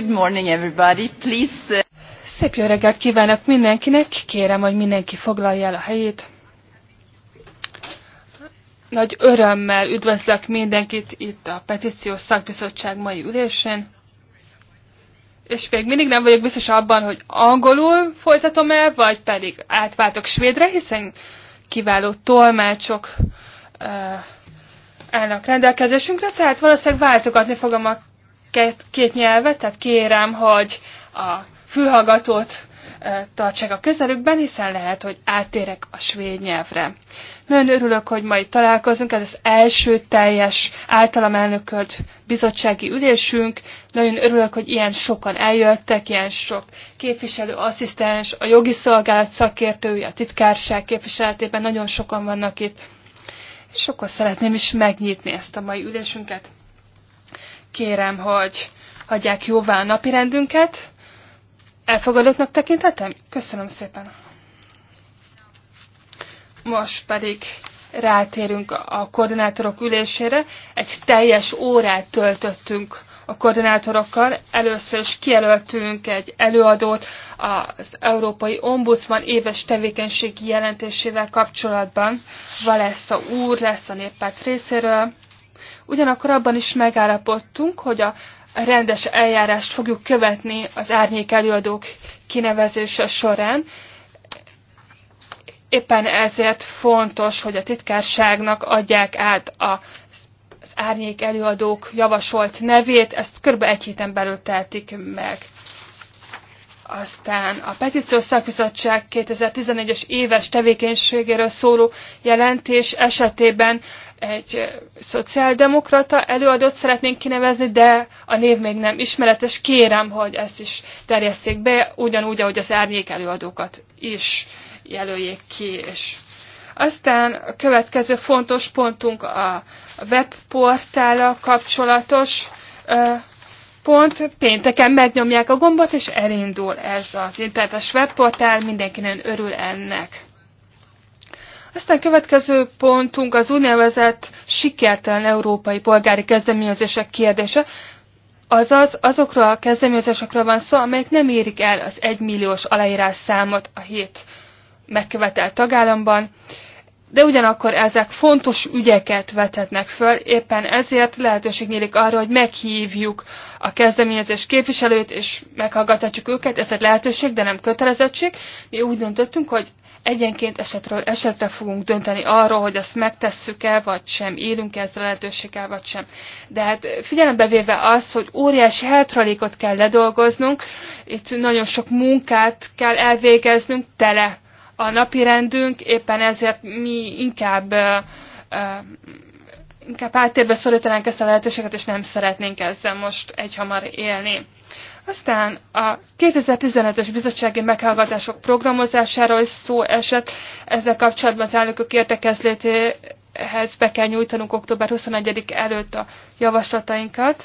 Good morning everybody. Please. Uh, Szép jó reggelt kívánok mindenkinek. Kérem, hogy mindenki foglalja el a helyét. Nagy örömmel üdvözlök mindenkit itt a Petíciós Szakbizottság mai ülésén. És még mindig nem vagyok biztos abban, hogy angolul folytatom el, vagy pedig átváltok svédre, hiszen kiváló tolmácsok uh, állnak rendelkezésünkre, tehát valószínűleg váltogatni fogom a két nyelvet, tehát kérem, hogy a fülhallgatót e, tartsák a közelükben, hiszen lehet, hogy áttérek a svéd nyelvre. Nagyon örülök, hogy ma itt találkozunk, ez az első teljes általam elnökölt bizottsági ülésünk. Nagyon örülök, hogy ilyen sokan eljöttek, ilyen sok képviselő, asszisztens, a jogi szolgálat szakértői, a titkárság képviseletében nagyon sokan vannak itt. És akkor szeretném is megnyitni ezt a mai ülésünket kérem, hogy hagyják jóvá a napirendünket. Elfogadottnak tekintetem? Köszönöm szépen. Most pedig rátérünk a koordinátorok ülésére. Egy teljes órát töltöttünk a koordinátorokkal. Először is kijelöltünk egy előadót az Európai Ombudsman éves tevékenységi jelentésével kapcsolatban. Valesza úr lesz a néppárt részéről. Ugyanakkor abban is megállapodtunk, hogy a rendes eljárást fogjuk követni az árnyék előadók kinevezése során. Éppen ezért fontos, hogy a titkárságnak adják át a az árnyék előadók javasolt nevét, ezt kb. egy héten belül teltik meg aztán a Petíciós Szakbizottság 2014-es éves tevékenységéről szóló jelentés esetében egy eh, szociáldemokrata előadót szeretnénk kinevezni, de a név még nem ismeretes. Kérem, hogy ezt is terjesszék be, ugyanúgy, ahogy az árnyék előadókat is jelöljék ki. És aztán a következő fontos pontunk a webportállal kapcsolatos eh, pont pénteken megnyomják a gombot, és elindul ez az internetes webportál, mindenki nagyon örül ennek. Aztán következő pontunk az úgynevezett sikertelen európai polgári kezdeményezések kérdése, azaz azokról a kezdeményezésekről van szó, amelyek nem érik el az egymilliós aláírás számot a hét megkövetelt tagállamban, de ugyanakkor ezek fontos ügyeket vethetnek föl, éppen ezért lehetőség nyílik arra, hogy meghívjuk a kezdeményezés képviselőt, és meghallgathatjuk őket, ez egy lehetőség, de nem kötelezettség. Mi úgy döntöttünk, hogy egyenként esetről esetre fogunk dönteni arról, hogy ezt megtesszük-e, vagy sem, élünk -e ezzel a lehetőséggel, vagy sem. De hát figyelembe véve azt, hogy óriási hátralékot kell ledolgoznunk, itt nagyon sok munkát kell elvégeznünk, tele a napi rendünk, éppen ezért mi inkább inkább áttérbe szorítanánk ezt a lehetőséget, és nem szeretnénk ezzel most egyhamar élni. Aztán a 2015-ös bizottsági meghallgatások programozásáról is szó esett. Ezzel kapcsolatban az elnökök értekezlétéhez be kell nyújtanunk október 21 előtt a javaslatainkat.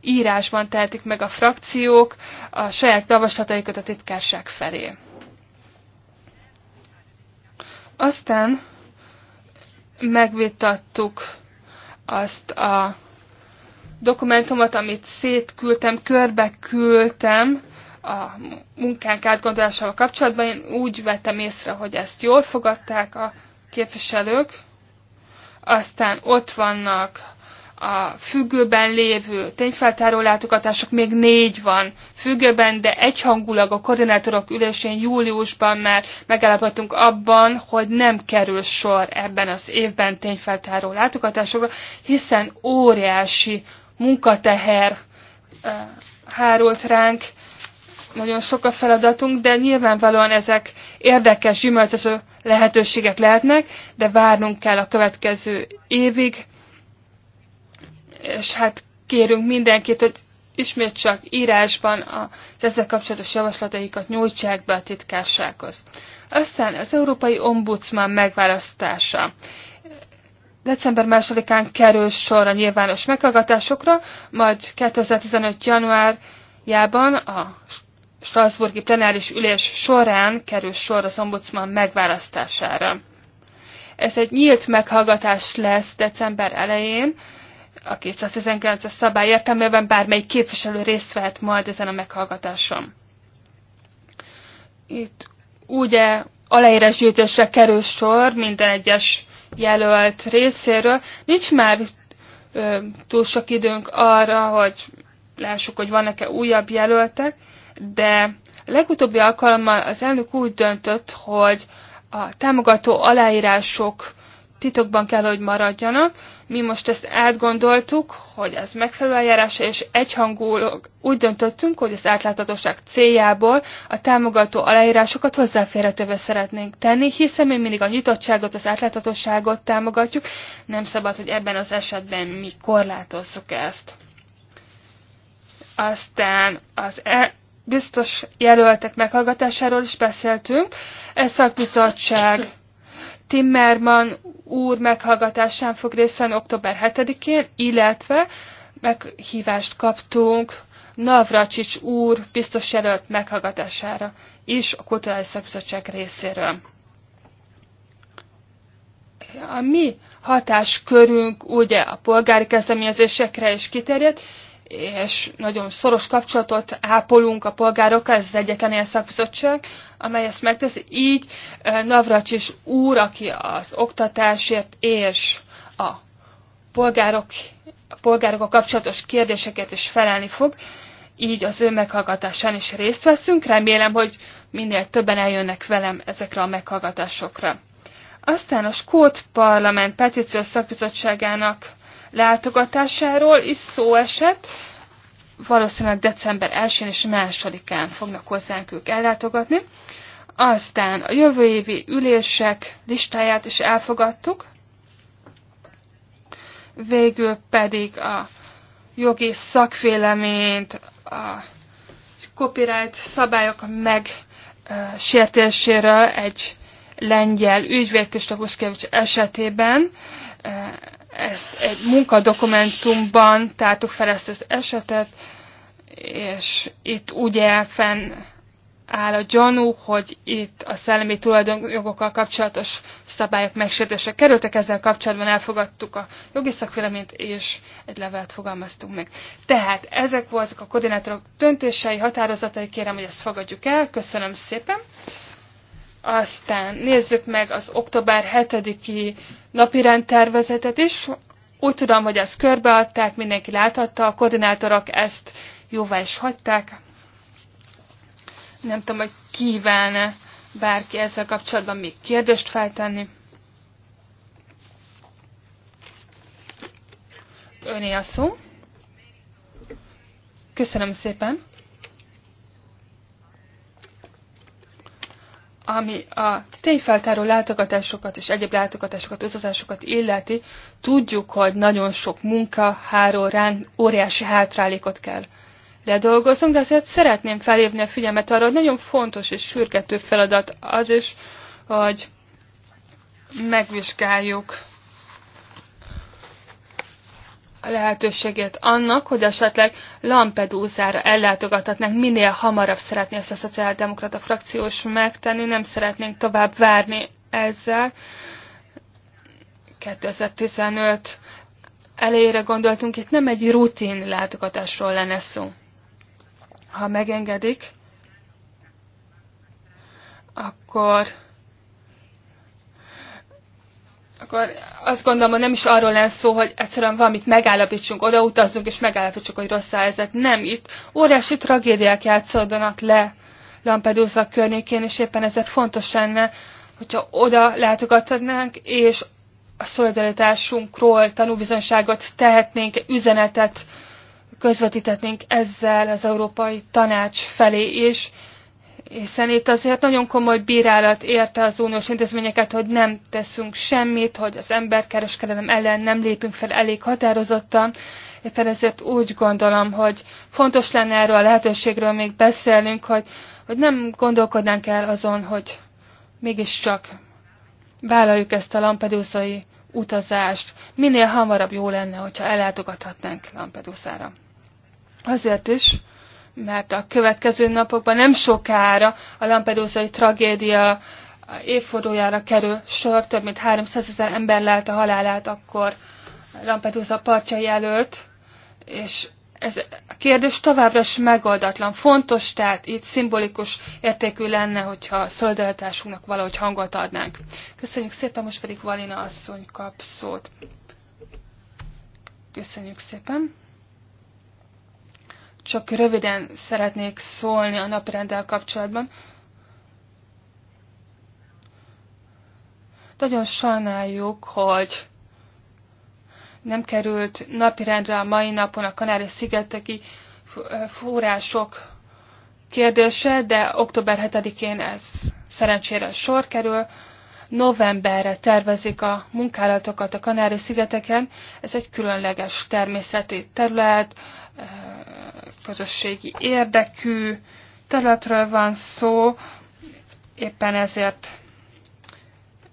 Írásban tehetik meg a frakciók a saját javaslataikat a titkárság felé. Aztán megvitattuk azt a dokumentumot, amit szétküldtem, körbe küldtem a munkánk átgondolásával kapcsolatban. Én úgy vettem észre, hogy ezt jól fogadták a képviselők. Aztán ott vannak a függőben lévő tényfeltáró látogatások még négy van függőben, de egyhangulag a koordinátorok ülésén júliusban már megállapodtunk abban, hogy nem kerül sor ebben az évben tényfeltáró látogatásokra, hiszen óriási munkateher hárult ránk, nagyon sok a feladatunk, de nyilvánvalóan ezek érdekes, gyümölcsöző lehetőségek lehetnek, de várnunk kell a következő évig, és hát kérünk mindenkit, hogy ismét csak írásban az ezzel kapcsolatos javaslataikat nyújtsák be a titkársághoz. Aztán az Európai Ombudsman megválasztása. December 2-án kerül sor a nyilvános meghallgatásokra, majd 2015. januárjában a Strasburgi plenáris ülés során kerül sor az ombudsman megválasztására. Ez egy nyílt meghallgatás lesz december elején, a 219-es szabály értelmében bármelyik képviselő részt vehet majd ezen a meghallgatáson. Itt ugye gyűjtésre kerül sor minden egyes jelölt részéről. Nincs már ö, túl sok időnk arra, hogy lássuk, hogy vannak-e újabb jelöltek, de a legutóbbi alkalommal az elnök úgy döntött, hogy a támogató aláírások titokban kell, hogy maradjanak. Mi most ezt átgondoltuk, hogy ez megfelelő eljárás, és egyhangulag úgy döntöttünk, hogy az átláthatóság céljából a támogató aláírásokat hozzáférhetővé szeretnénk tenni, hiszen mi mindig a nyitottságot, az átláthatóságot támogatjuk, nem szabad, hogy ebben az esetben mi korlátozzuk ezt. Aztán az e biztos jelöltek meghallgatásáról is beszéltünk. Ez szakbizottság Timmerman úr meghallgatásán fog részt venni október 7-én, illetve meghívást kaptunk Navracsics úr biztos jelölt meghallgatására is a Kulturális Szakbizottság részéről. A mi hatáskörünk ugye a polgári kezdeményezésekre is kiterjedt, és nagyon szoros kapcsolatot ápolunk a polgárokkal, ez az egyetlen ilyen szakbizottság, amely ezt megteszi. Így Navracsis úr, aki az oktatásért és a polgárok, a polgárokkal kapcsolatos kérdéseket is felelni fog, így az ő meghallgatásán is részt veszünk. Remélem, hogy minél többen eljönnek velem ezekre a meghallgatásokra. Aztán a Skót Parlament Petíciós Szakbizottságának látogatásáról is szó esett. Valószínűleg december 1-én és 2-án fognak hozzánk ők ellátogatni. Aztán a jövő évi ülések listáját is elfogadtuk. Végül pedig a jogi szakvéleményt, a copyright szabályok megsértéséről egy lengyel ügyvéd Kristofuszkevics esetében ezt egy munkadokumentumban tártuk fel ezt az esetet, és itt ugye fenn áll a gyanú, hogy itt a szellemi tulajdonjogokkal kapcsolatos szabályok megsértése kerültek, ezzel kapcsolatban elfogadtuk a jogi szakvéleményt, és egy levelet fogalmaztunk meg. Tehát ezek voltak a koordinátorok döntései, határozatai, kérem, hogy ezt fogadjuk el, köszönöm szépen! Aztán nézzük meg az október 7-i napirend tervezetet is. Úgy tudom, hogy ezt körbeadták, mindenki láthatta, a koordinátorok ezt jóvá is hagyták. Nem tudom, hogy kívánne bárki ezzel kapcsolatban még kérdést feltenni. Öné a szó. Köszönöm szépen. ami a tényfeltáró látogatásokat és egyéb látogatásokat, utazásokat illeti, tudjuk, hogy nagyon sok munka háró rán óriási hátrálékot kell ledolgozunk, de azért szeretném felhívni a figyelmet arra, hogy nagyon fontos és sürgető feladat az is, hogy megvizsgáljuk lehetőséget annak, hogy esetleg Lampedúzára ellátogathatnánk, minél hamarabb szeretné ezt a szociáldemokrata frakciós megtenni, nem szeretnénk tovább várni ezzel. 2015 elejére gondoltunk, itt nem egy rutin látogatásról lenne szó. Ha megengedik, akkor akkor azt gondolom, hogy nem is arról lesz szó, hogy egyszerűen valamit megállapítsunk, odautazzunk és megállapítsuk, hogy rossz a helyzet. Nem, itt óriási tragédiák játszódnak le Lampedusa környékén, és éppen ezért fontos lenne, hogyha oda látogatnánk, és a szolidaritásunkról tanúbizonságot tehetnénk, üzenetet közvetítetnénk ezzel az Európai Tanács felé is, hiszen itt azért nagyon komoly bírálat érte az uniós intézményeket, hogy nem teszünk semmit, hogy az emberkereskedelem ellen nem lépünk fel elég határozottan. Éppen ezért úgy gondolom, hogy fontos lenne erről a lehetőségről még beszélnünk, hogy, hogy nem gondolkodnánk el azon, hogy mégiscsak vállaljuk ezt a lampedúzai utazást. Minél hamarabb jó lenne, hogyha ellátogathatnánk Lampedusára. Azért is, mert a következő napokban nem sokára a Lampedusai tragédia évfordulójára kerül sor, több mint 300 ezer ember lelt a halálát akkor Lampedusa partjai előtt, és ez a kérdés továbbra is megoldatlan. Fontos, tehát itt szimbolikus értékű lenne, hogyha a szolidaritásunknak valahogy hangot adnánk. Köszönjük szépen, most pedig Valina asszony kap szót. Köszönjük szépen csak röviden szeretnék szólni a naprenddel kapcsolatban. Nagyon sajnáljuk, hogy nem került napirendre a mai napon a Kanári-szigeteki források kérdése, de október 7-én ez szerencsére sor kerül. Novemberre tervezik a munkálatokat a Kanári-szigeteken. Ez egy különleges természeti terület, közösségi érdekű területről van szó, éppen ezért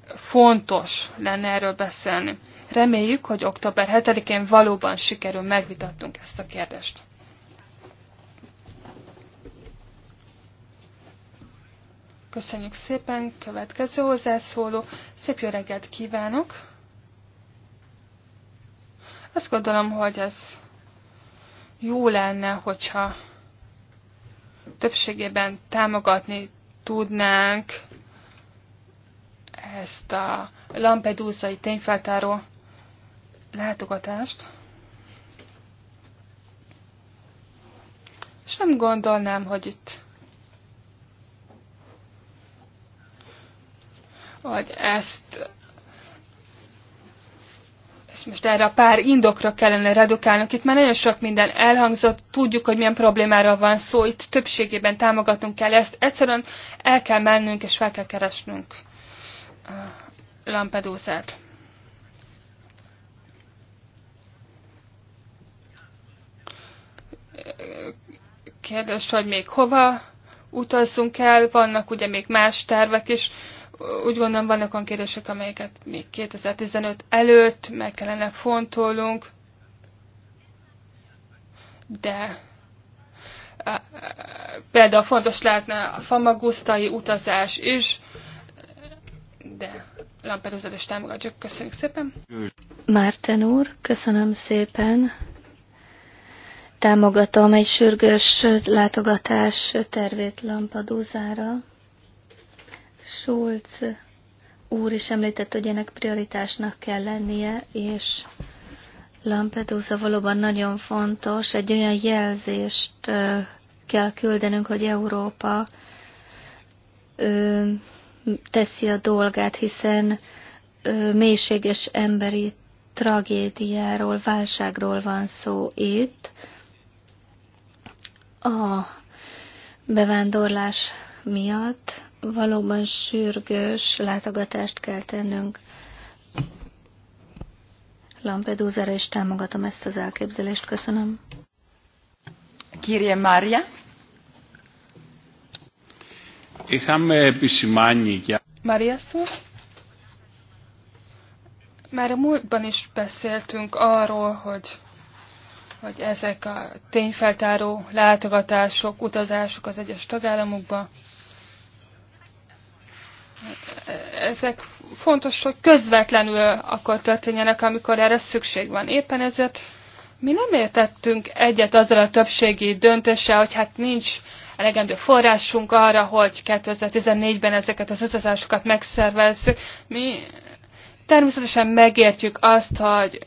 fontos lenne erről beszélni. Reméljük, hogy október 7-én valóban sikerül megvitattunk ezt a kérdést. Köszönjük szépen, következő hozzászóló. Szép jó reggelt kívánok! Azt gondolom, hogy ez jó lenne, hogyha többségében támogatni tudnánk ezt a Lampedusai tényfeltáró látogatást. És nem gondolnám, hogy itt hogy ezt és most erre a pár indokra kellene redukálnunk. Itt már nagyon sok minden elhangzott, tudjuk, hogy milyen problémára van szó, itt többségében támogatnunk kell ezt. Egyszerűen el kell mennünk és fel kell keresnünk a Lampedusát. Kérdés, hogy még hova utazzunk el, vannak ugye még más tervek is, úgy gondolom vannak olyan kérdések, amelyeket még 2015 előtt meg kellene fontolnunk, de például fontos lehetne a famagusztai utazás is, de Lampedusa is támogatjuk. Köszönjük szépen. Márten úr, köszönöm szépen. Támogatom egy sürgős látogatás tervét Lampadúzára. Schulz úr is említett, hogy ennek prioritásnak kell lennie, és Lampedusa valóban nagyon fontos, egy olyan jelzést kell küldenünk, hogy Európa ö, teszi a dolgát, hiszen ö, mélységes emberi tragédiáról, válságról van szó itt. A bevándorlás miatt valóban sürgős látogatást kell tennünk Lampedusa-ra, és támogatom ezt az elképzelést. Köszönöm. Κύριε Mária. Είχαμε επισημάνει για... Μαρία σου. Már a múltban is beszéltünk arról, hogy, hogy ezek a tényfeltáró látogatások, utazások az egyes tagállamokba ezek fontos, hogy közvetlenül akkor történjenek, amikor erre szükség van. Éppen ezért mi nem értettünk egyet azzal a többségi döntéssel, hogy hát nincs elegendő forrásunk arra, hogy 2014-ben ezeket az utazásokat megszervezzük. Mi természetesen megértjük azt, hogy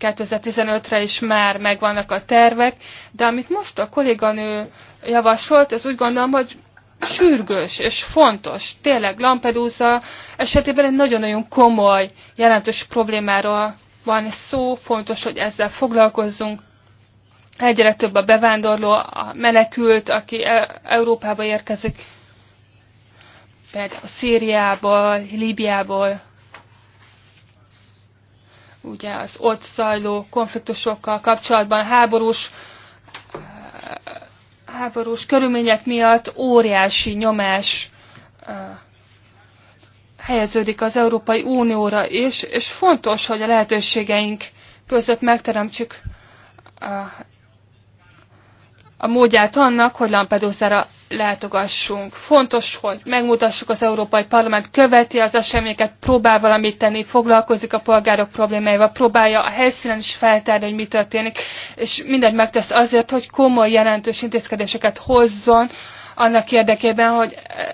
2015-re is már megvannak a tervek, de amit most a kolléganő javasolt, ez úgy gondolom, hogy sürgős és fontos. Tényleg Lampedusa esetében egy nagyon-nagyon komoly, jelentős problémáról van szó, fontos, hogy ezzel foglalkozzunk. Egyre több a bevándorló, a menekült, aki e- Európába érkezik, például Szíriából, Líbiából, ugye az ott zajló konfliktusokkal kapcsolatban, háborús háborús körülmények miatt óriási nyomás helyeződik az Európai Unióra is, és fontos, hogy a lehetőségeink között megteremtsük a módját annak, hogy Lampedusa-ra látogassunk. Fontos, hogy megmutassuk az Európai Parlament, követi az eseményeket, próbál valamit tenni, foglalkozik a polgárok problémáival, próbálja a helyszínen is feltárni, hogy mi történik, és mindent megtesz azért, hogy komoly, jelentős intézkedéseket hozzon annak érdekében, hogy eh,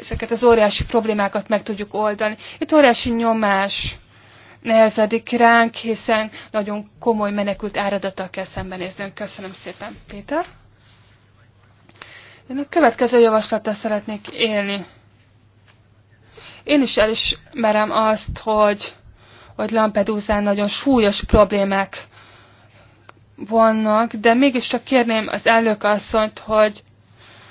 ezeket az óriási problémákat meg tudjuk oldani. Itt óriási nyomás nehezedik ránk, hiszen nagyon komoly menekült áradattal kell szembenéznünk. Köszönöm szépen, Péter! Én a következő javaslattal szeretnék élni. Én is elismerem azt, hogy, hogy Lampedusán nagyon súlyos problémák vannak, de mégiscsak kérném az elnök asszonyt, hogy,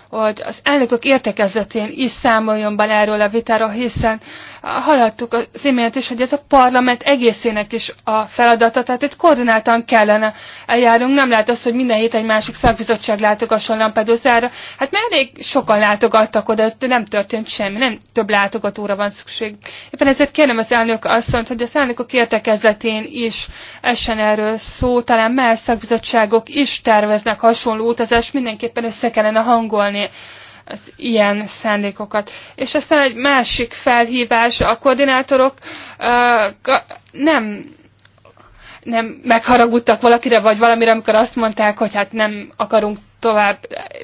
hogy az elnökök értekezetén is számoljon be erről a vitára, hiszen hallhattuk a imént is, hogy ez a parlament egészének is a feladata, tehát itt koordináltan kellene eljárnunk. Nem lehet az, hogy minden hét egy másik szakbizottság látogasson Lampedusára. Hát már elég sokan látogattak oda, de nem történt semmi, nem több látogatóra van szükség. Éppen ezért kérem az elnök asszonyt, hogy az elnökök értekezletén is essen erről szó, talán más szakbizottságok is terveznek hasonló utazást, mindenképpen össze kellene hangolni az ilyen szándékokat. És aztán egy másik felhívás, a koordinátorok uh, nem nem megharagudtak valakire, vagy valamire, amikor azt mondták, hogy hát nem akarunk tovább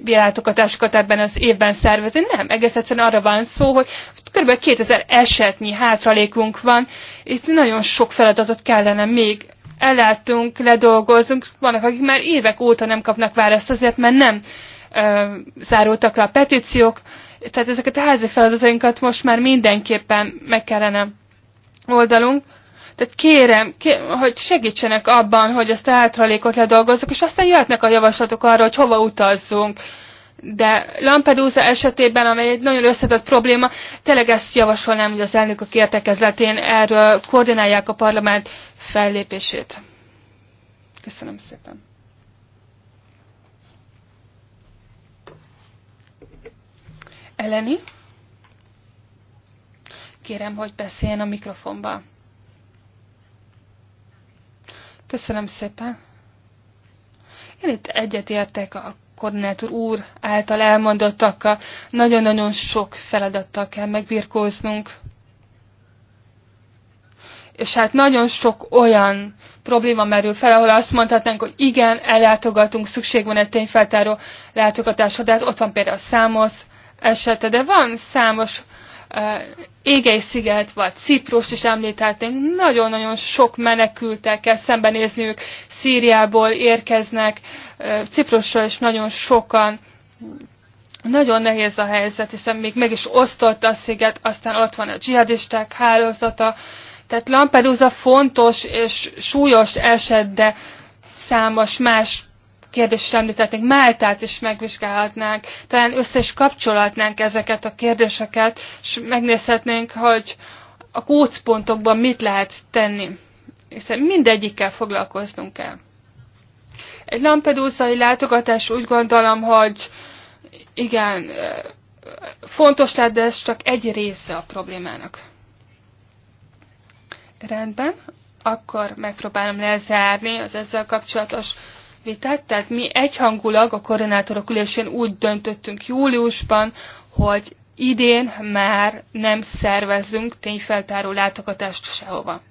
világtokatásokat ebben az évben szervezni. Nem, egész egyszerűen arra van szó, hogy kb. 2000 esetnyi hátralékunk van, itt nagyon sok feladatot kellene még ellátunk, ledolgozunk, vannak, akik már évek óta nem kapnak választ azért, mert nem zárultak le a petíciók, tehát ezeket a házi feladatainkat most már mindenképpen meg kellene oldalunk. Tehát kérem, kérem, hogy segítsenek abban, hogy ezt a hátralékot ledolgozzuk, és aztán jöhetnek a javaslatok arra, hogy hova utazzunk. De Lampedusa esetében, amely egy nagyon összetett probléma, tényleg ezt javasolnám, hogy az elnökök értekezletén erről koordinálják a parlament fellépését. Köszönöm szépen. Eleni, kérem, hogy beszéljen a mikrofonba. Köszönöm szépen. Én itt egyetértek a koordinátor úr által elmondottakkal. Nagyon-nagyon sok feladattal kell megbirkóznunk. És hát nagyon sok olyan probléma merül fel, ahol azt mondhatnánk, hogy igen, ellátogatunk, szükség van egy tényfeltáró látogatásra, de hát ott van például a számosz, esete, de van számos uh, égei sziget, vagy Ciprus is említhetnénk, nagyon-nagyon sok menekültel kell szembenézniük, Szíriából érkeznek, uh, Ciprusra is nagyon sokan. Nagyon nehéz a helyzet, hiszen még meg is osztott a sziget, aztán ott van a dzsihadisták hálózata, tehát Lampedusa fontos és súlyos eset, de számos más kérdést is említetnénk, Máltát is megvizsgálhatnánk, talán össze is kapcsolhatnánk ezeket a kérdéseket, és megnézhetnénk, hogy a kócpontokban mit lehet tenni. Hiszen mindegyikkel foglalkoznunk kell. Egy lampedúzai látogatás úgy gondolom, hogy igen, fontos lehet, de ez csak egy része a problémának. Rendben, akkor megpróbálom lezárni az ezzel kapcsolatos vitát, tehát mi egyhangulag a koordinátorok ülésén úgy döntöttünk júliusban, hogy idén már nem szervezzünk tényfeltáró látogatást sehova.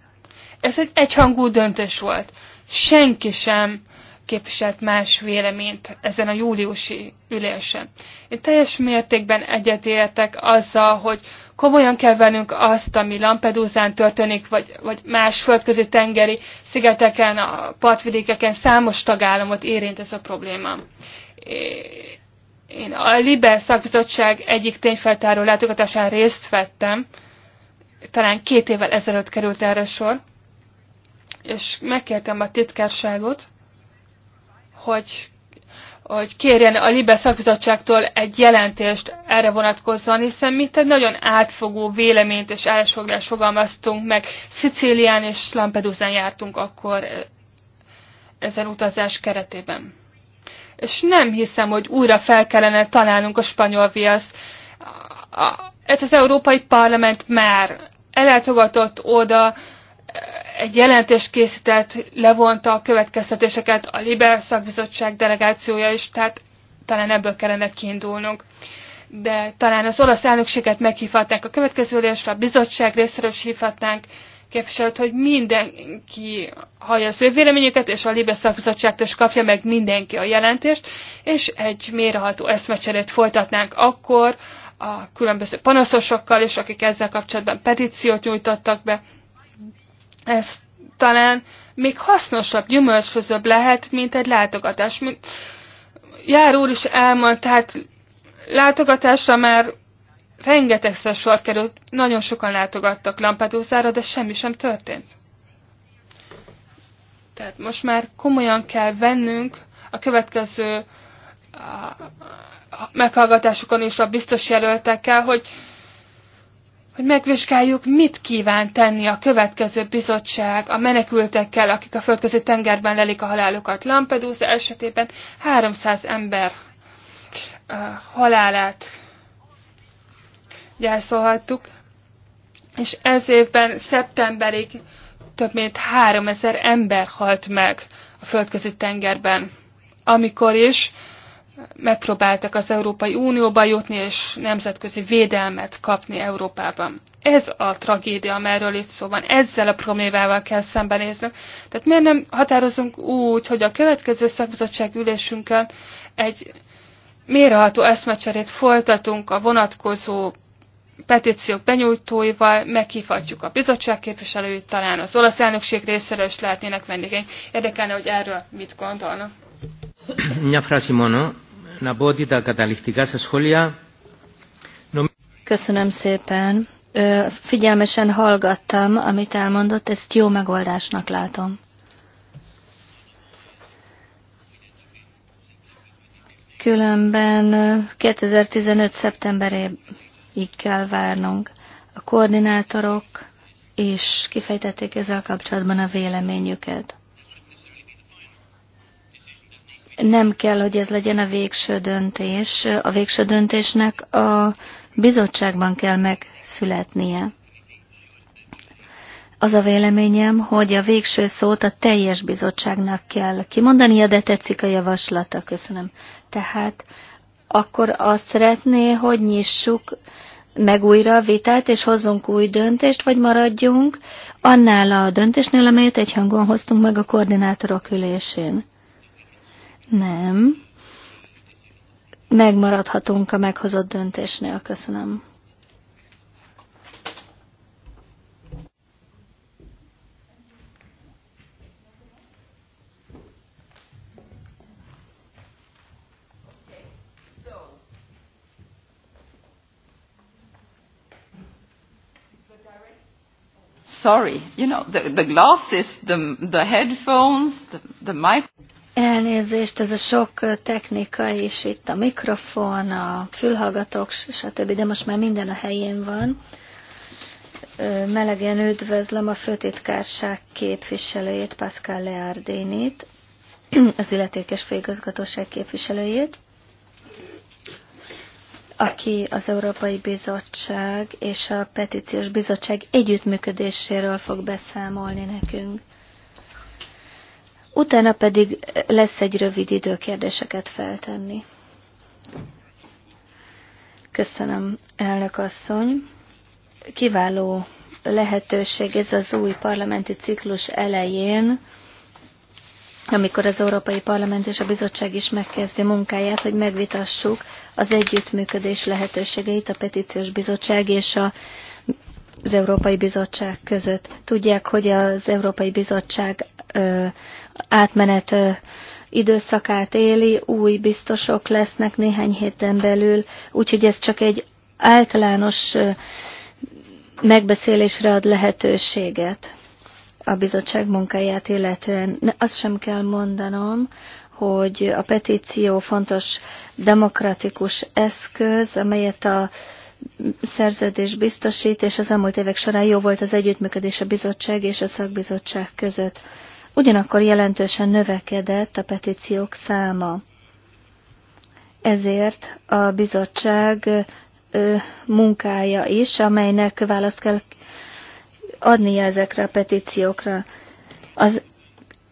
Ez egy egyhangú döntés volt. Senki sem képviselt más véleményt ezen a júliusi ülésen. Én teljes mértékben egyetértek azzal, hogy komolyan kell vennünk azt, ami Lampedusán történik, vagy, vagy más földközi tengeri szigeteken, a partvidékeken számos tagállamot érint ez a probléma. Én a Liber szakbizottság egyik tényfeltáró látogatásán részt vettem, talán két évvel ezelőtt került erre sor, és megkértem a titkárságot, hogy hogy kérjen a Libe szakbizottságtól egy jelentést erre vonatkozóan, hiszen mi egy nagyon átfogó véleményt és állásfoglalást fogalmaztunk meg. Szicílián és Lampedusán jártunk akkor eh, ezen utazás keretében. És nem hiszem, hogy újra fel kellene találnunk a spanyol viaszt. Ez az Európai Parlament már elátogatott oda, egy jelentést készített, levonta a következtetéseket a Liber szakbizottság delegációja is, tehát talán ebből kellene kiindulnunk. De talán az olasz elnökséget meghívhatnánk a következő ülésre, a bizottság részéről is hívhatnánk képviselőt, hogy mindenki hallja az ő véleményüket, és a Libe szakbizottságtól is kapja meg mindenki a jelentést, és egy méreható eszmecserét folytatnánk akkor a különböző panaszosokkal, és akik ezzel kapcsolatban petíciót nyújtottak be, ez talán még hasznosabb, gyümölcsfözőbb lehet, mint egy látogatás. Mint Jár úr is elmondta, tehát látogatásra már rengeteg sor került, nagyon sokan látogattak Lampedusára, de semmi sem történt. Tehát most már komolyan kell vennünk a következő meghallgatásokon is a biztos jelöltekkel, hogy hogy megvizsgáljuk, mit kíván tenni a következő bizottság a menekültekkel, akik a földközi tengerben lelik a halálukat. Lampedusa esetében 300 ember uh, halálát gyászolhattuk, és ez évben szeptemberig több mint 3000 ember halt meg a földközi tengerben, amikor is megpróbáltak az Európai Unióba jutni, és nemzetközi védelmet kapni Európában. Ez a tragédia, amelyről itt szó van. Ezzel a problémával kell szembenéznünk. Tehát miért nem határozunk úgy, hogy a következő szakbizottság ülésünkön egy mérható eszmecserét folytatunk a vonatkozó petíciók benyújtóival, meghívhatjuk a bizottság képviselőit, talán az olasz elnökség részéről is lehetnének vendégeink. Érdekelne, hogy erről mit gondolnak. Köszönöm szépen. Ö, figyelmesen hallgattam, amit elmondott, ezt jó megoldásnak látom. Különben 2015. szeptemberéig kell várnunk. A koordinátorok és kifejtették ezzel kapcsolatban a véleményüket nem kell, hogy ez legyen a végső döntés. A végső döntésnek a bizottságban kell megszületnie. Az a véleményem, hogy a végső szót a teljes bizottságnak kell kimondania, de tetszik a javaslata. Köszönöm. Tehát akkor azt szeretné, hogy nyissuk meg újra a vitát, és hozzunk új döntést, vagy maradjunk annál a döntésnél, amelyet egyhangon hoztunk meg a koordinátorok ülésén. Nem. Megmaradhatunk a meghozott döntésnél. Köszönöm. sorry. You know, the, the glasses, the, the headphones, the, the mic. Elnézést, ez a sok technika is, itt a mikrofon, a fülhallgatók, stb., de most már minden a helyén van. Melegen üdvözlöm a főtitkárság képviselőjét, Pascal Leardénit, az illetékes főigazgatóság képviselőjét, aki az Európai Bizottság és a Petíciós Bizottság együttműködéséről fog beszámolni nekünk. Utána pedig lesz egy rövid idő kérdéseket feltenni. Köszönöm, elnök asszony. Kiváló lehetőség ez az új parlamenti ciklus elején, amikor az Európai Parlament és a Bizottság is megkezdi munkáját, hogy megvitassuk az együttműködés lehetőségeit a Petíciós Bizottság és a az Európai Bizottság között. Tudják, hogy az Európai Bizottság átmenet időszakát éli, új biztosok lesznek néhány héten belül, úgyhogy ez csak egy általános megbeszélésre ad lehetőséget a bizottság munkáját illetően. Azt sem kell mondanom, hogy a petíció fontos demokratikus eszköz, amelyet a szerződés biztosít, és az elmúlt évek során jó volt az együttműködés a bizottság és a szakbizottság között ugyanakkor jelentősen növekedett a petíciók száma. Ezért a bizottság munkája is, amelynek választ kell adnia ezekre a petíciókra. Az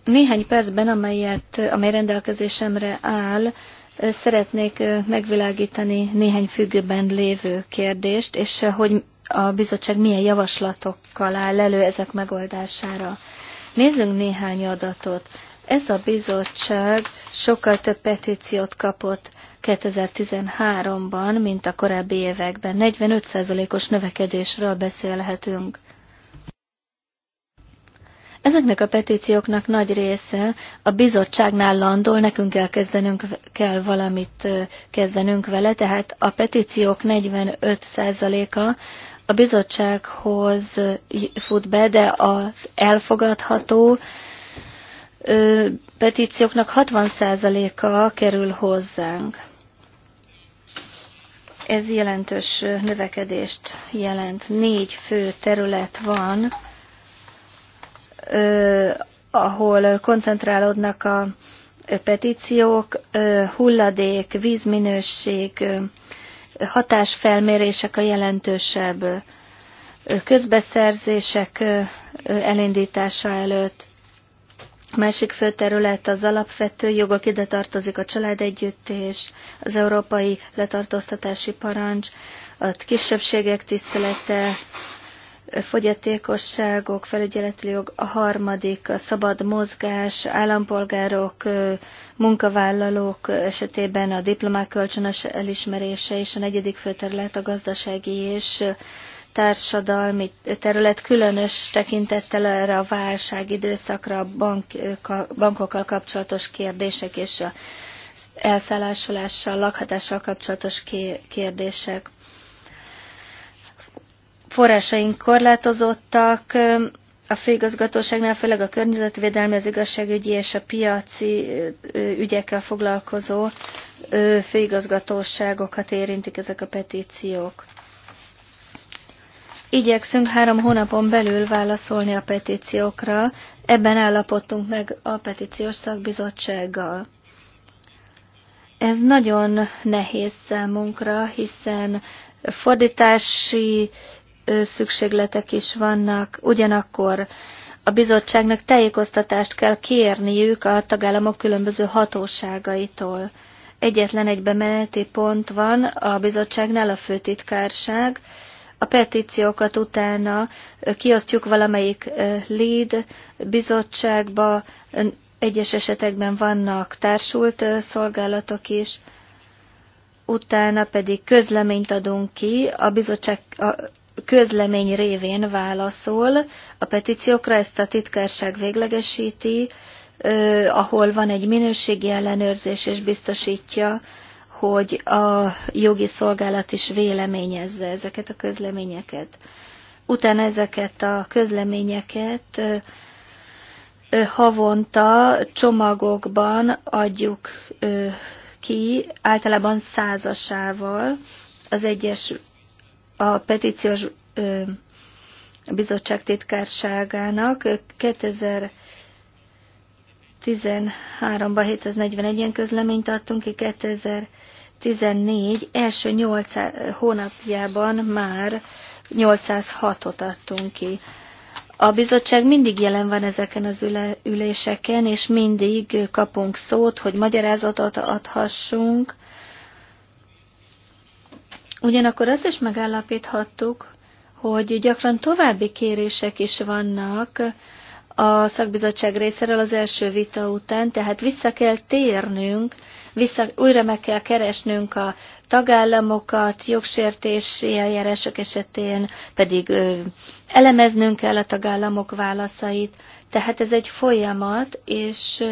néhány percben, amelyet, amely rendelkezésemre áll, szeretnék megvilágítani néhány függőben lévő kérdést, és hogy a bizottság milyen javaslatokkal áll elő ezek megoldására. Nézzünk néhány adatot. Ez a bizottság sokkal több petíciót kapott 2013-ban, mint a korábbi években. 45%-os növekedésről beszélhetünk. Ezeknek a petícióknak nagy része a bizottságnál landol, nekünk kell kezdenünk, kell valamit kezdenünk vele, tehát a petíciók 45%-a a bizottsághoz fut be, de az elfogadható petícióknak 60%-a kerül hozzánk. Ez jelentős növekedést jelent. Négy fő terület van, ahol koncentrálódnak a petíciók, hulladék, vízminőség, hatásfelmérések a jelentősebb közbeszerzések elindítása előtt. A másik fő terület az alapvető jogok, ide tartozik a családegyüttés, az európai letartóztatási parancs, a kisebbségek tisztelete, fogyatékosságok, felügyeleti jog, a harmadik a szabad mozgás, állampolgárok, munkavállalók esetében a diplomák kölcsönös elismerése, és a negyedik főterület a gazdasági és társadalmi terület különös tekintettel erre a válság időszakra, a bank, bankokkal kapcsolatos kérdések és a elszállásolással, lakhatással kapcsolatos kérdések forrásaink korlátozottak, a főigazgatóságnál főleg a környezetvédelmi, az igazságügyi és a piaci ügyekkel foglalkozó főigazgatóságokat érintik ezek a petíciók. Igyekszünk három hónapon belül válaszolni a petíciókra, ebben állapodtunk meg a petíciós szakbizottsággal. Ez nagyon nehéz számunkra, hiszen fordítási szükségletek is vannak, ugyanakkor a bizottságnak tájékoztatást kell kérniük a tagállamok különböző hatóságaitól. Egyetlen egy bemeneti pont van a bizottságnál a főtitkárság, a petíciókat utána kiosztjuk valamelyik lead bizottságba, egyes esetekben vannak társult szolgálatok is, utána pedig közleményt adunk ki a bizottság közlemény révén válaszol a petíciókra, ezt a titkárság véglegesíti, ahol van egy minőségi ellenőrzés, és biztosítja, hogy a jogi szolgálat is véleményezze ezeket a közleményeket. Utána ezeket a közleményeket havonta csomagokban adjuk ki, általában százasával az egyes a petíciós bizottság titkárságának 2000 2013-ban 741 ilyen közleményt adtunk ki, 2014 első 8 hónapjában már 806-ot adtunk ki. A bizottság mindig jelen van ezeken az üle, üléseken, és mindig kapunk szót, hogy magyarázatot adhassunk, Ugyanakkor azt is megállapíthattuk, hogy gyakran további kérések is vannak a szakbizottság részéről az első vita után, tehát vissza kell térnünk, vissza, újra meg kell keresnünk a tagállamokat, jogsértési eljárások esetén pedig ö, elemeznünk kell a tagállamok válaszait. Tehát ez egy folyamat, és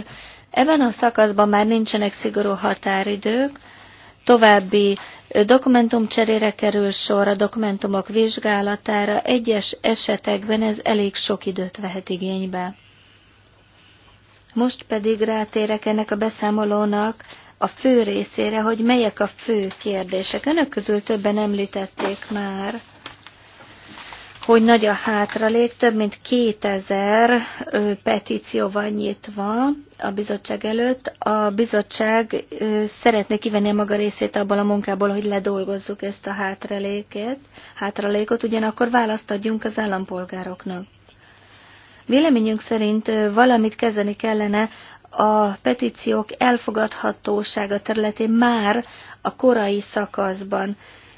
ebben a szakaszban már nincsenek szigorú határidők, további dokumentumcserére kerül sor, a dokumentumok vizsgálatára, egyes esetekben ez elég sok időt vehet igénybe. Most pedig rátérek ennek a beszámolónak a fő részére, hogy melyek a fő kérdések. Önök közül többen említették már hogy nagy a hátralék, több mint 2000 petíció van nyitva a bizottság előtt. A bizottság szeretné kivenni a maga részét abból a munkából, hogy ledolgozzuk ezt a hátraléket, hátralékot, ugyanakkor választ adjunk az állampolgároknak. Véleményünk szerint valamit kezdeni kellene a petíciók elfogadhatósága területén már a korai szakaszban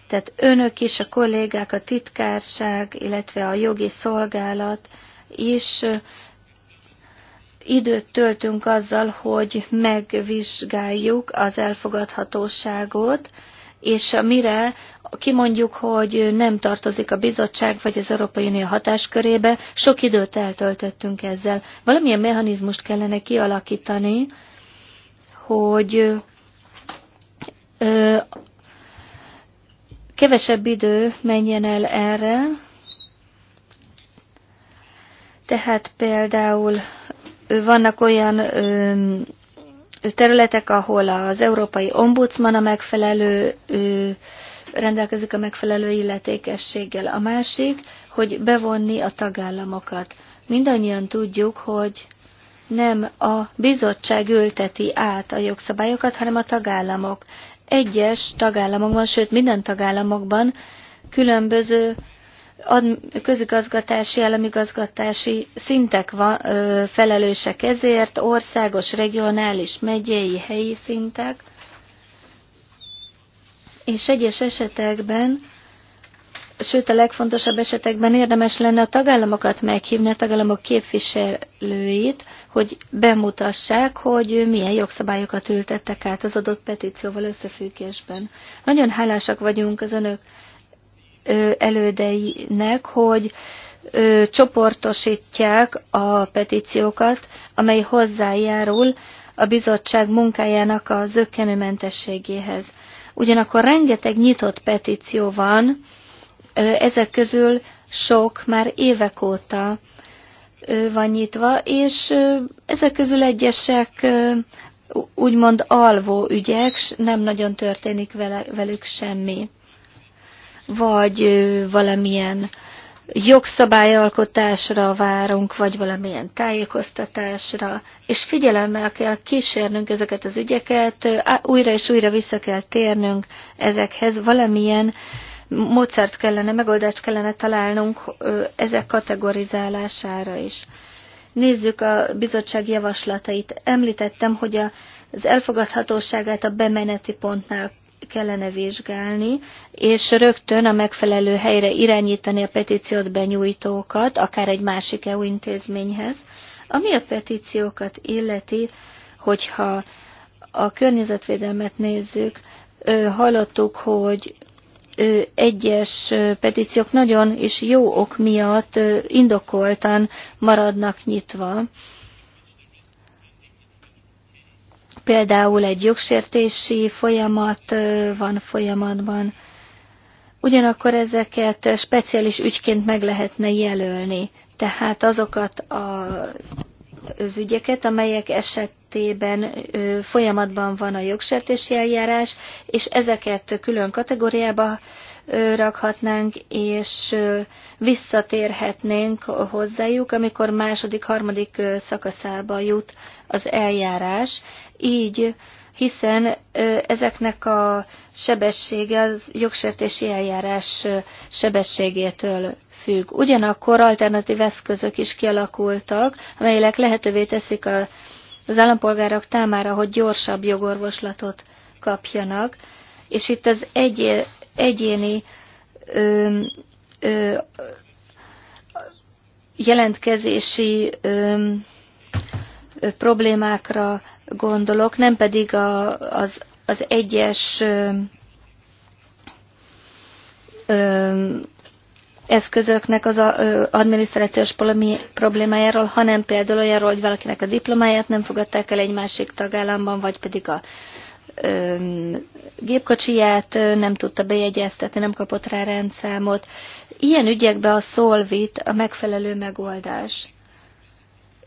tehát önök is, a kollégák, a titkárság, illetve a jogi szolgálat is időt töltünk azzal, hogy megvizsgáljuk az elfogadhatóságot, és mire kimondjuk, hogy nem tartozik a bizottság vagy az Európai Unió hatáskörébe, sok időt eltöltöttünk ezzel. Valamilyen mechanizmust kellene kialakítani, hogy kevesebb idő menjen el erre, tehát például vannak olyan területek, ahol az Európai Ombudsman a megfelelő rendelkezik a megfelelő illetékességgel. A másik, hogy bevonni a tagállamokat. Mindannyian tudjuk, hogy nem a bizottság ülteti át a jogszabályokat, hanem a tagállamok egyes tagállamokban, sőt minden tagállamokban különböző közigazgatási, államigazgatási szintek van, ö, felelősek ezért, országos, regionális, megyei, helyi szintek, és egyes esetekben sőt a legfontosabb esetekben érdemes lenne a tagállamokat meghívni, a tagállamok képviselőit, hogy bemutassák, hogy milyen jogszabályokat ültettek át az adott petícióval összefüggésben. Nagyon hálásak vagyunk az önök elődeinek, hogy csoportosítják a petíciókat, amely hozzájárul a bizottság munkájának a zöggenőmentességéhez. Ugyanakkor rengeteg nyitott petíció van, ezek közül sok már évek óta van nyitva, és ezek közül egyesek úgymond alvó ügyek, nem nagyon történik vele, velük semmi. Vagy valamilyen jogszabályalkotásra várunk, vagy valamilyen tájékoztatásra, és figyelemmel kell kísérnünk ezeket az ügyeket, újra és újra vissza kell térnünk ezekhez valamilyen módszert kellene, megoldást kellene találnunk ezek kategorizálására is. Nézzük a bizottság javaslatait. Említettem, hogy az elfogadhatóságát a bemeneti pontnál kellene vizsgálni, és rögtön a megfelelő helyre irányítani a petíciót benyújtókat, akár egy másik EU intézményhez. Ami a petíciókat illeti, hogyha a környezetvédelmet nézzük, hallottuk, hogy egyes petíciók nagyon és jó ok miatt indokoltan maradnak nyitva. Például egy jogsértési folyamat van folyamatban. Ugyanakkor ezeket speciális ügyként meg lehetne jelölni. Tehát azokat az ügyeket, amelyek eset esetében folyamatban van a jogsértési eljárás, és ezeket külön kategóriába rakhatnánk, és visszatérhetnénk hozzájuk, amikor második, harmadik szakaszába jut az eljárás. Így hiszen ezeknek a sebessége az jogsértési eljárás sebességétől függ. Ugyanakkor alternatív eszközök is kialakultak, amelyek lehetővé teszik a az állampolgárok támára, hogy gyorsabb jogorvoslatot kapjanak, és itt az egy, egyéni ö, ö, jelentkezési ö, ö, problémákra gondolok, nem pedig a, az, az egyes ö, ö, eszközöknek az adminisztrációs problémájáról, hanem például olyanról, hogy valakinek a diplomáját nem fogadták el egy másik tagállamban, vagy pedig a gépkocsiját nem tudta bejegyeztetni, nem kapott rá rendszámot. Ilyen ügyekben a szolvit a megfelelő megoldás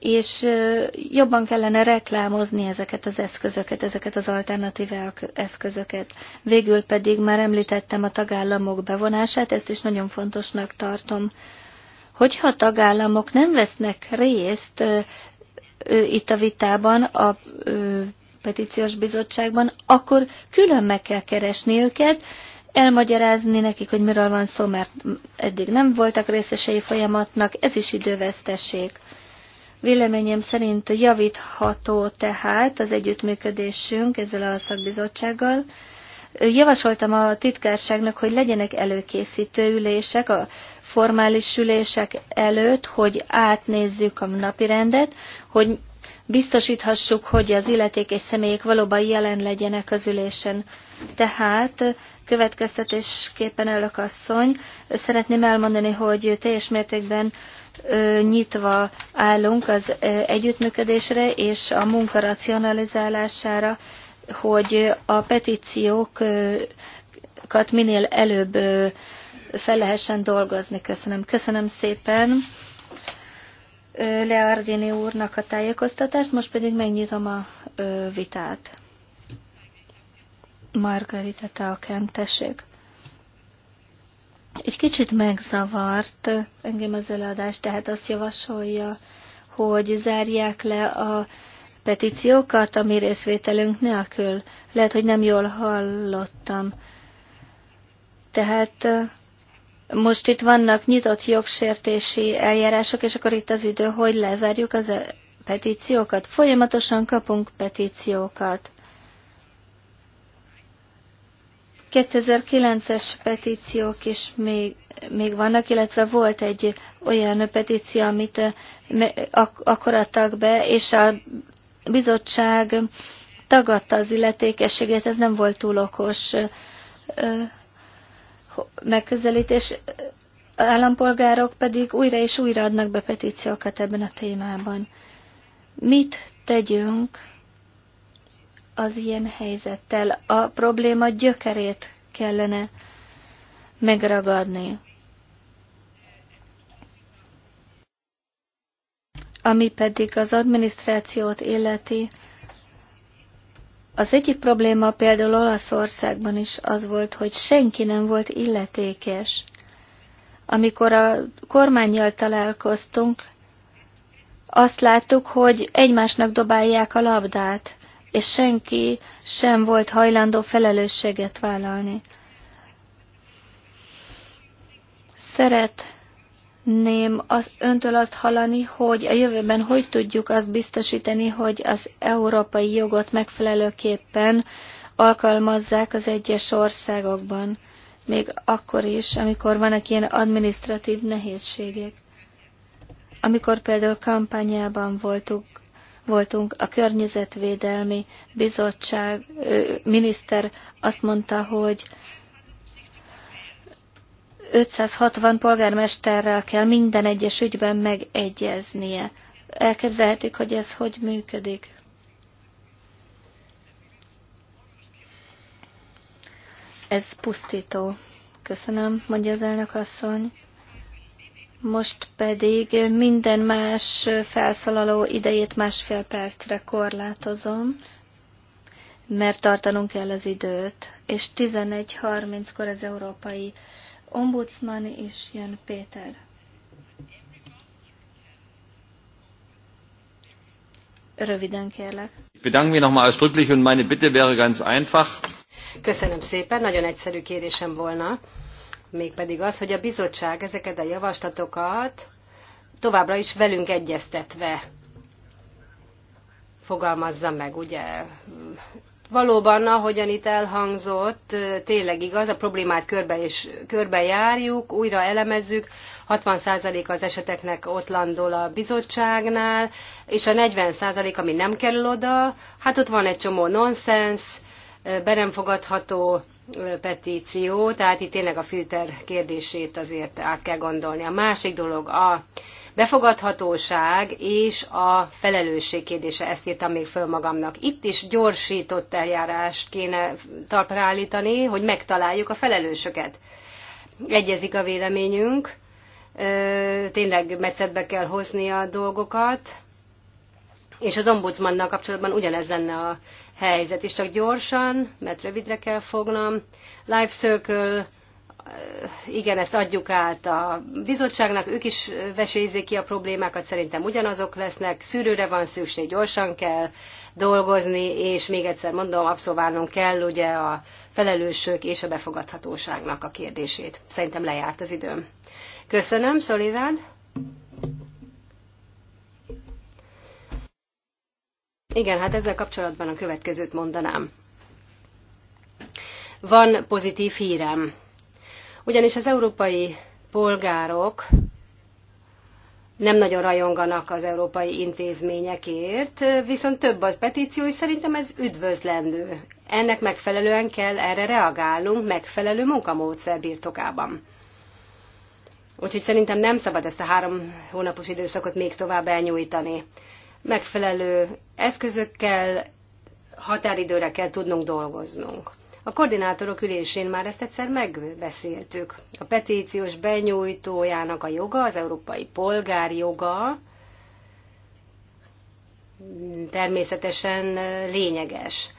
és jobban kellene reklámozni ezeket az eszközöket, ezeket az alternatív eszközöket. Végül pedig már említettem a tagállamok bevonását, ezt is nagyon fontosnak tartom. Hogyha a tagállamok nem vesznek részt itt a vitában, a petíciós bizottságban, akkor külön meg kell keresni őket, elmagyarázni nekik, hogy miről van szó, mert eddig nem voltak részesei folyamatnak, ez is időveszteség. Véleményem szerint javítható tehát az együttműködésünk ezzel a szakbizottsággal. Javasoltam a titkárságnak, hogy legyenek előkészítő ülések a formális ülések előtt, hogy átnézzük a napirendet, hogy biztosíthassuk, hogy az illetékes személyek valóban jelen legyenek az ülésen. Tehát következtetésképpen elnök asszony, szeretném elmondani, hogy teljes mértékben nyitva állunk az együttműködésre és a munka racionalizálására, hogy a petíciókat minél előbb fel lehessen dolgozni. Köszönöm. Köszönöm szépen Leardini úrnak a tájékoztatást, most pedig megnyitom a vitát. Margarita Talken, tessék. Egy kicsit megzavart engem az előadás, tehát azt javasolja, hogy zárják le a petíciókat a mi részvételünk nélkül. Lehet, hogy nem jól hallottam. Tehát most itt vannak nyitott jogsértési eljárások, és akkor itt az idő, hogy lezárjuk az e- petíciókat. Folyamatosan kapunk petíciókat. 2009-es petíciók is még, még vannak, illetve volt egy olyan petíció, amit ak akkor adtak be, és a bizottság tagadta az illetékességet, ez nem volt túl okos megközelítés. Állampolgárok pedig újra és újra adnak be petíciókat ebben a témában. Mit tegyünk az ilyen helyzettel. A probléma gyökerét kellene megragadni. Ami pedig az adminisztrációt illeti, az egyik probléma például Olaszországban is az volt, hogy senki nem volt illetékes. Amikor a kormányjal találkoztunk, azt láttuk, hogy egymásnak dobálják a labdát és senki sem volt hajlandó felelősséget vállalni. Szeretném az, öntől azt hallani, hogy a jövőben hogy tudjuk azt biztosítani, hogy az európai jogot megfelelőképpen alkalmazzák az egyes országokban, még akkor is, amikor vannak ilyen adminisztratív nehézségek. Amikor például kampányában voltunk, voltunk, a környezetvédelmi bizottság miniszter azt mondta, hogy 560 polgármesterrel kell minden egyes ügyben megegyeznie. Elképzelhetik, hogy ez hogy működik? Ez pusztító. Köszönöm, mondja az elnök asszony. Most pedig minden más felszólaló idejét másfél percre korlátozom, mert tartanunk kell az időt. És 11.30-kor az Európai Ombudsman és jön Péter. Röviden kérlek. bedanke mich nochmal ausdrücklich und meine Bitte wäre ganz einfach. Köszönöm szépen, nagyon egyszerű kérésem volna mégpedig az, hogy a bizottság ezeket a javaslatokat továbbra is velünk egyeztetve fogalmazza meg, ugye? Valóban, ahogyan itt elhangzott, tényleg igaz, a problémát körbe és körbe járjuk, újra elemezzük, 60% az eseteknek ott landol a bizottságnál, és a 40% ami nem kerül oda, hát ott van egy csomó nonsens, be nem fogadható petíció, tehát itt tényleg a filter kérdését azért át kell gondolni. A másik dolog a befogadhatóság és a felelősség kérdése, ezt írtam még föl magamnak. Itt is gyorsított eljárást kéne talpra állítani, hogy megtaláljuk a felelősöket. Egyezik a véleményünk, tényleg meccetbe kell hozni a dolgokat, és az ombudsmannal kapcsolatban ugyanez lenne a helyzet. És csak gyorsan, mert rövidre kell fognom. Life Circle, eh, igen, ezt adjuk át a bizottságnak, ők is vesézik ki a problémákat, szerintem ugyanazok lesznek, szűrőre van szükség, gyorsan kell dolgozni, és még egyszer mondom, abszolválnunk kell ugye a felelősök és a befogadhatóságnak a kérdését. Szerintem lejárt az időm. Köszönöm, Szolidán! Igen, hát ezzel kapcsolatban a következőt mondanám. Van pozitív hírem. Ugyanis az európai polgárok nem nagyon rajonganak az európai intézményekért, viszont több az petíció, és szerintem ez üdvözlendő. Ennek megfelelően kell erre reagálnunk, megfelelő munkamódszer birtokában. Úgyhogy szerintem nem szabad ezt a három hónapos időszakot még tovább elnyújtani megfelelő eszközökkel határidőre kell tudnunk dolgoznunk. A koordinátorok ülésén már ezt egyszer megbeszéltük. A petíciós benyújtójának a joga, az európai polgár joga természetesen lényeges.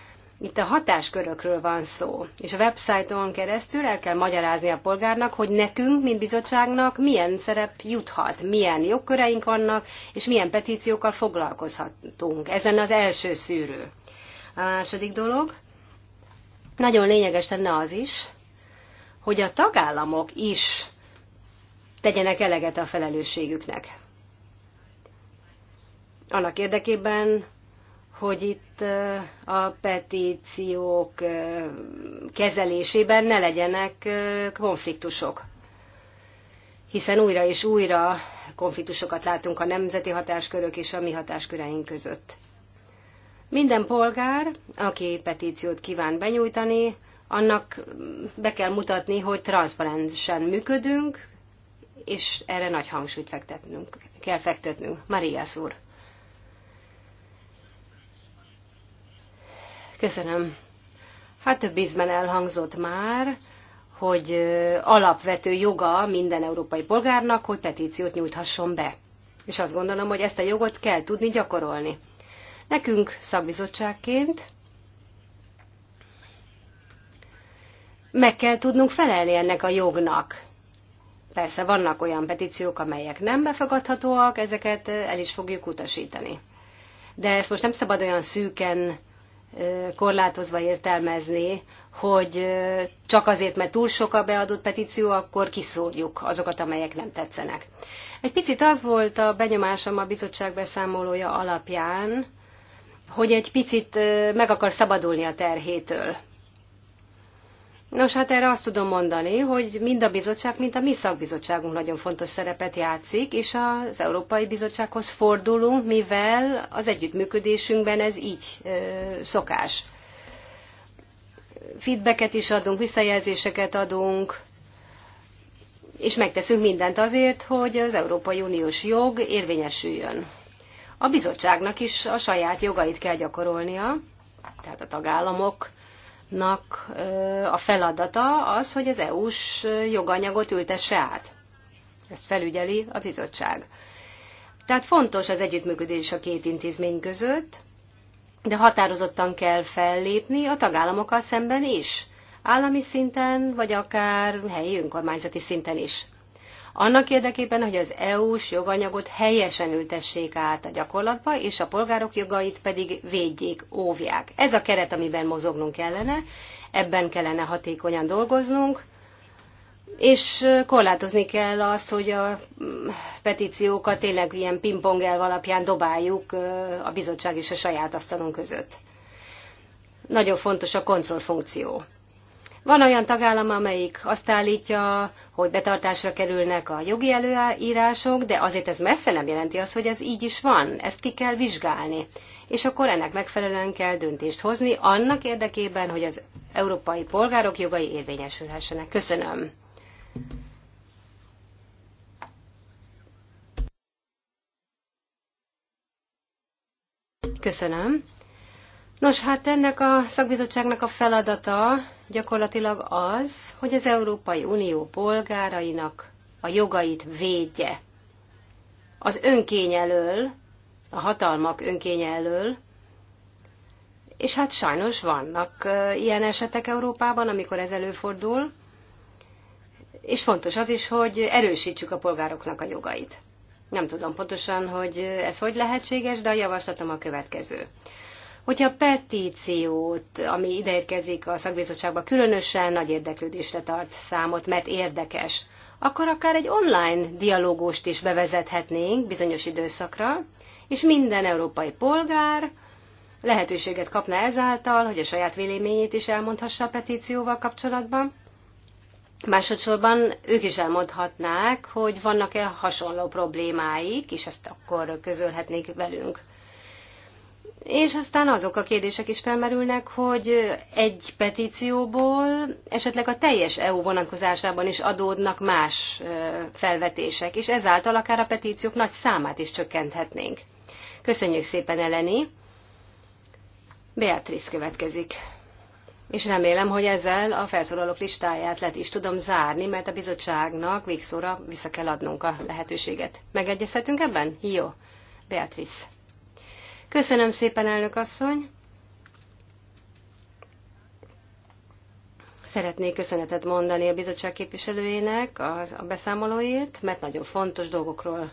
Itt a hatáskörökről van szó, és a websájton keresztül el kell magyarázni a polgárnak, hogy nekünk, mint bizottságnak milyen szerep juthat, milyen jogköreink vannak, és milyen petíciókkal foglalkozhatunk. Ezen az első szűrő. A második dolog, nagyon lényeges lenne az is, hogy a tagállamok is tegyenek eleget a felelősségüknek. Annak érdekében, hogy itt a petíciók kezelésében ne legyenek konfliktusok. Hiszen újra és újra konfliktusokat látunk a nemzeti hatáskörök és a mi hatásköreink között. Minden polgár, aki petíciót kíván benyújtani, annak be kell mutatni, hogy transzparensen működünk, és erre nagy hangsúlyt fektetnünk, kell fektetnünk. Maria úr. Köszönöm. Hát több ízben elhangzott már, hogy alapvető joga minden európai polgárnak, hogy petíciót nyújthasson be. És azt gondolom, hogy ezt a jogot kell tudni gyakorolni. Nekünk szakbizottságként meg kell tudnunk felelni ennek a jognak. Persze vannak olyan petíciók, amelyek nem befogadhatóak, ezeket el is fogjuk utasítani. De ezt most nem szabad olyan szűken korlátozva értelmezni, hogy csak azért, mert túl sok a beadott petíció, akkor kiszórjuk azokat, amelyek nem tetszenek. Egy picit az volt a benyomásom a bizottság beszámolója alapján, hogy egy picit meg akar szabadulni a terhétől Nos, hát erre azt tudom mondani, hogy mind a bizottság, mind a mi szakbizottságunk nagyon fontos szerepet játszik, és az Európai Bizottsághoz fordulunk, mivel az együttműködésünkben ez így ö, szokás. Feedbacket is adunk, visszajelzéseket adunk, és megteszünk mindent azért, hogy az Európai Uniós jog érvényesüljön. A bizottságnak is a saját jogait kell gyakorolnia, tehát a tagállamok Parlamentnak a feladata az, hogy az EU-s joganyagot ültesse át. Ezt felügyeli a bizottság. Tehát fontos az együttműködés a két intézmény között, de határozottan kell fellépni a tagállamokkal szemben is, állami szinten, vagy akár helyi önkormányzati szinten is annak érdekében, hogy az EU-s joganyagot helyesen ültessék át a gyakorlatba, és a polgárok jogait pedig védjék, óvják. Ez a keret, amiben mozognunk kellene, ebben kellene hatékonyan dolgoznunk, és korlátozni kell azt, hogy a mm, petíciókat tényleg ilyen pingpongelv alapján dobáljuk a bizottság és a saját asztalunk között. Nagyon fontos a kontrollfunkció. Van olyan tagállam, amelyik azt állítja, hogy betartásra kerülnek a jogi előírások, de azért ez messze nem jelenti azt, hogy ez így is van. Ezt ki kell vizsgálni. És akkor ennek megfelelően kell döntést hozni, annak érdekében, hogy az európai polgárok jogai érvényesülhessenek. Köszönöm. Köszönöm. Nos, hát ennek a szakbizottságnak a feladata gyakorlatilag az, hogy az Európai Unió polgárainak a jogait védje. Az önkény elől, a hatalmak önkény elől, és hát sajnos vannak ilyen esetek Európában, amikor ez előfordul, és fontos az is, hogy erősítsük a polgároknak a jogait. Nem tudom pontosan, hogy ez hogy lehetséges, de a javaslatom a következő. Hogyha a petíciót, ami ideérkezik a szakbizottságba, különösen nagy érdeklődésre tart számot, mert érdekes, akkor akár egy online dialógust is bevezethetnénk bizonyos időszakra, és minden európai polgár lehetőséget kapna ezáltal, hogy a saját véleményét is elmondhassa a petícióval kapcsolatban. Másodszorban ők is elmondhatnák, hogy vannak-e hasonló problémáik, és ezt akkor közölhetnék velünk. És aztán azok a kérdések is felmerülnek, hogy egy petícióból esetleg a teljes EU vonatkozásában is adódnak más felvetések, és ezáltal akár a petíciók nagy számát is csökkenthetnénk. Köszönjük szépen, Eleni! Beatrice következik. És remélem, hogy ezzel a felszólalók listáját lehet is tudom zárni, mert a bizottságnak végszóra vissza kell adnunk a lehetőséget. Megegyezhetünk ebben? Jó. Beatrice. Köszönöm szépen, elnök asszony! Szeretnék köszönetet mondani a bizottság képviselőjének az, a beszámolóért, mert nagyon fontos dolgokról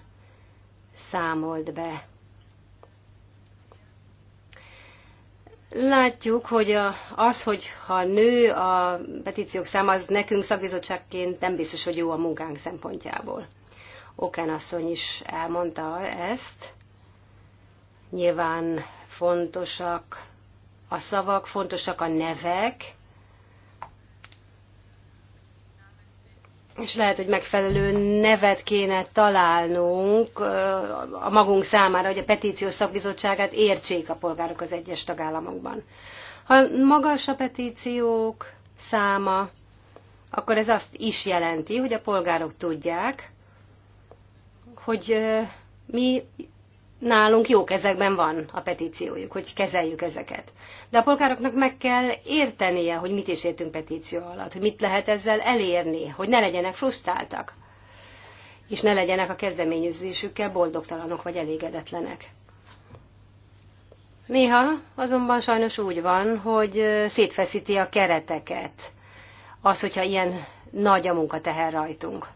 számolt be. Látjuk, hogy a, az, hogy ha nő a petíciók száma, az nekünk szakbizottságként nem biztos, hogy jó a munkánk szempontjából. Okán asszony is elmondta ezt. Nyilván fontosak a szavak, fontosak a nevek, és lehet, hogy megfelelő nevet kéne találnunk a magunk számára, hogy a petíciós szakbizottságát értsék a polgárok az egyes tagállamokban. Ha magas a petíciók száma, akkor ez azt is jelenti, hogy a polgárok tudják, hogy mi nálunk jó kezekben van a petíciójuk, hogy kezeljük ezeket. De a polgároknak meg kell értenie, hogy mit is értünk petíció alatt, hogy mit lehet ezzel elérni, hogy ne legyenek frusztráltak, és ne legyenek a kezdeményezésükkel boldogtalanok vagy elégedetlenek. Néha azonban sajnos úgy van, hogy szétfeszíti a kereteket az, hogyha ilyen nagy a munkateher rajtunk.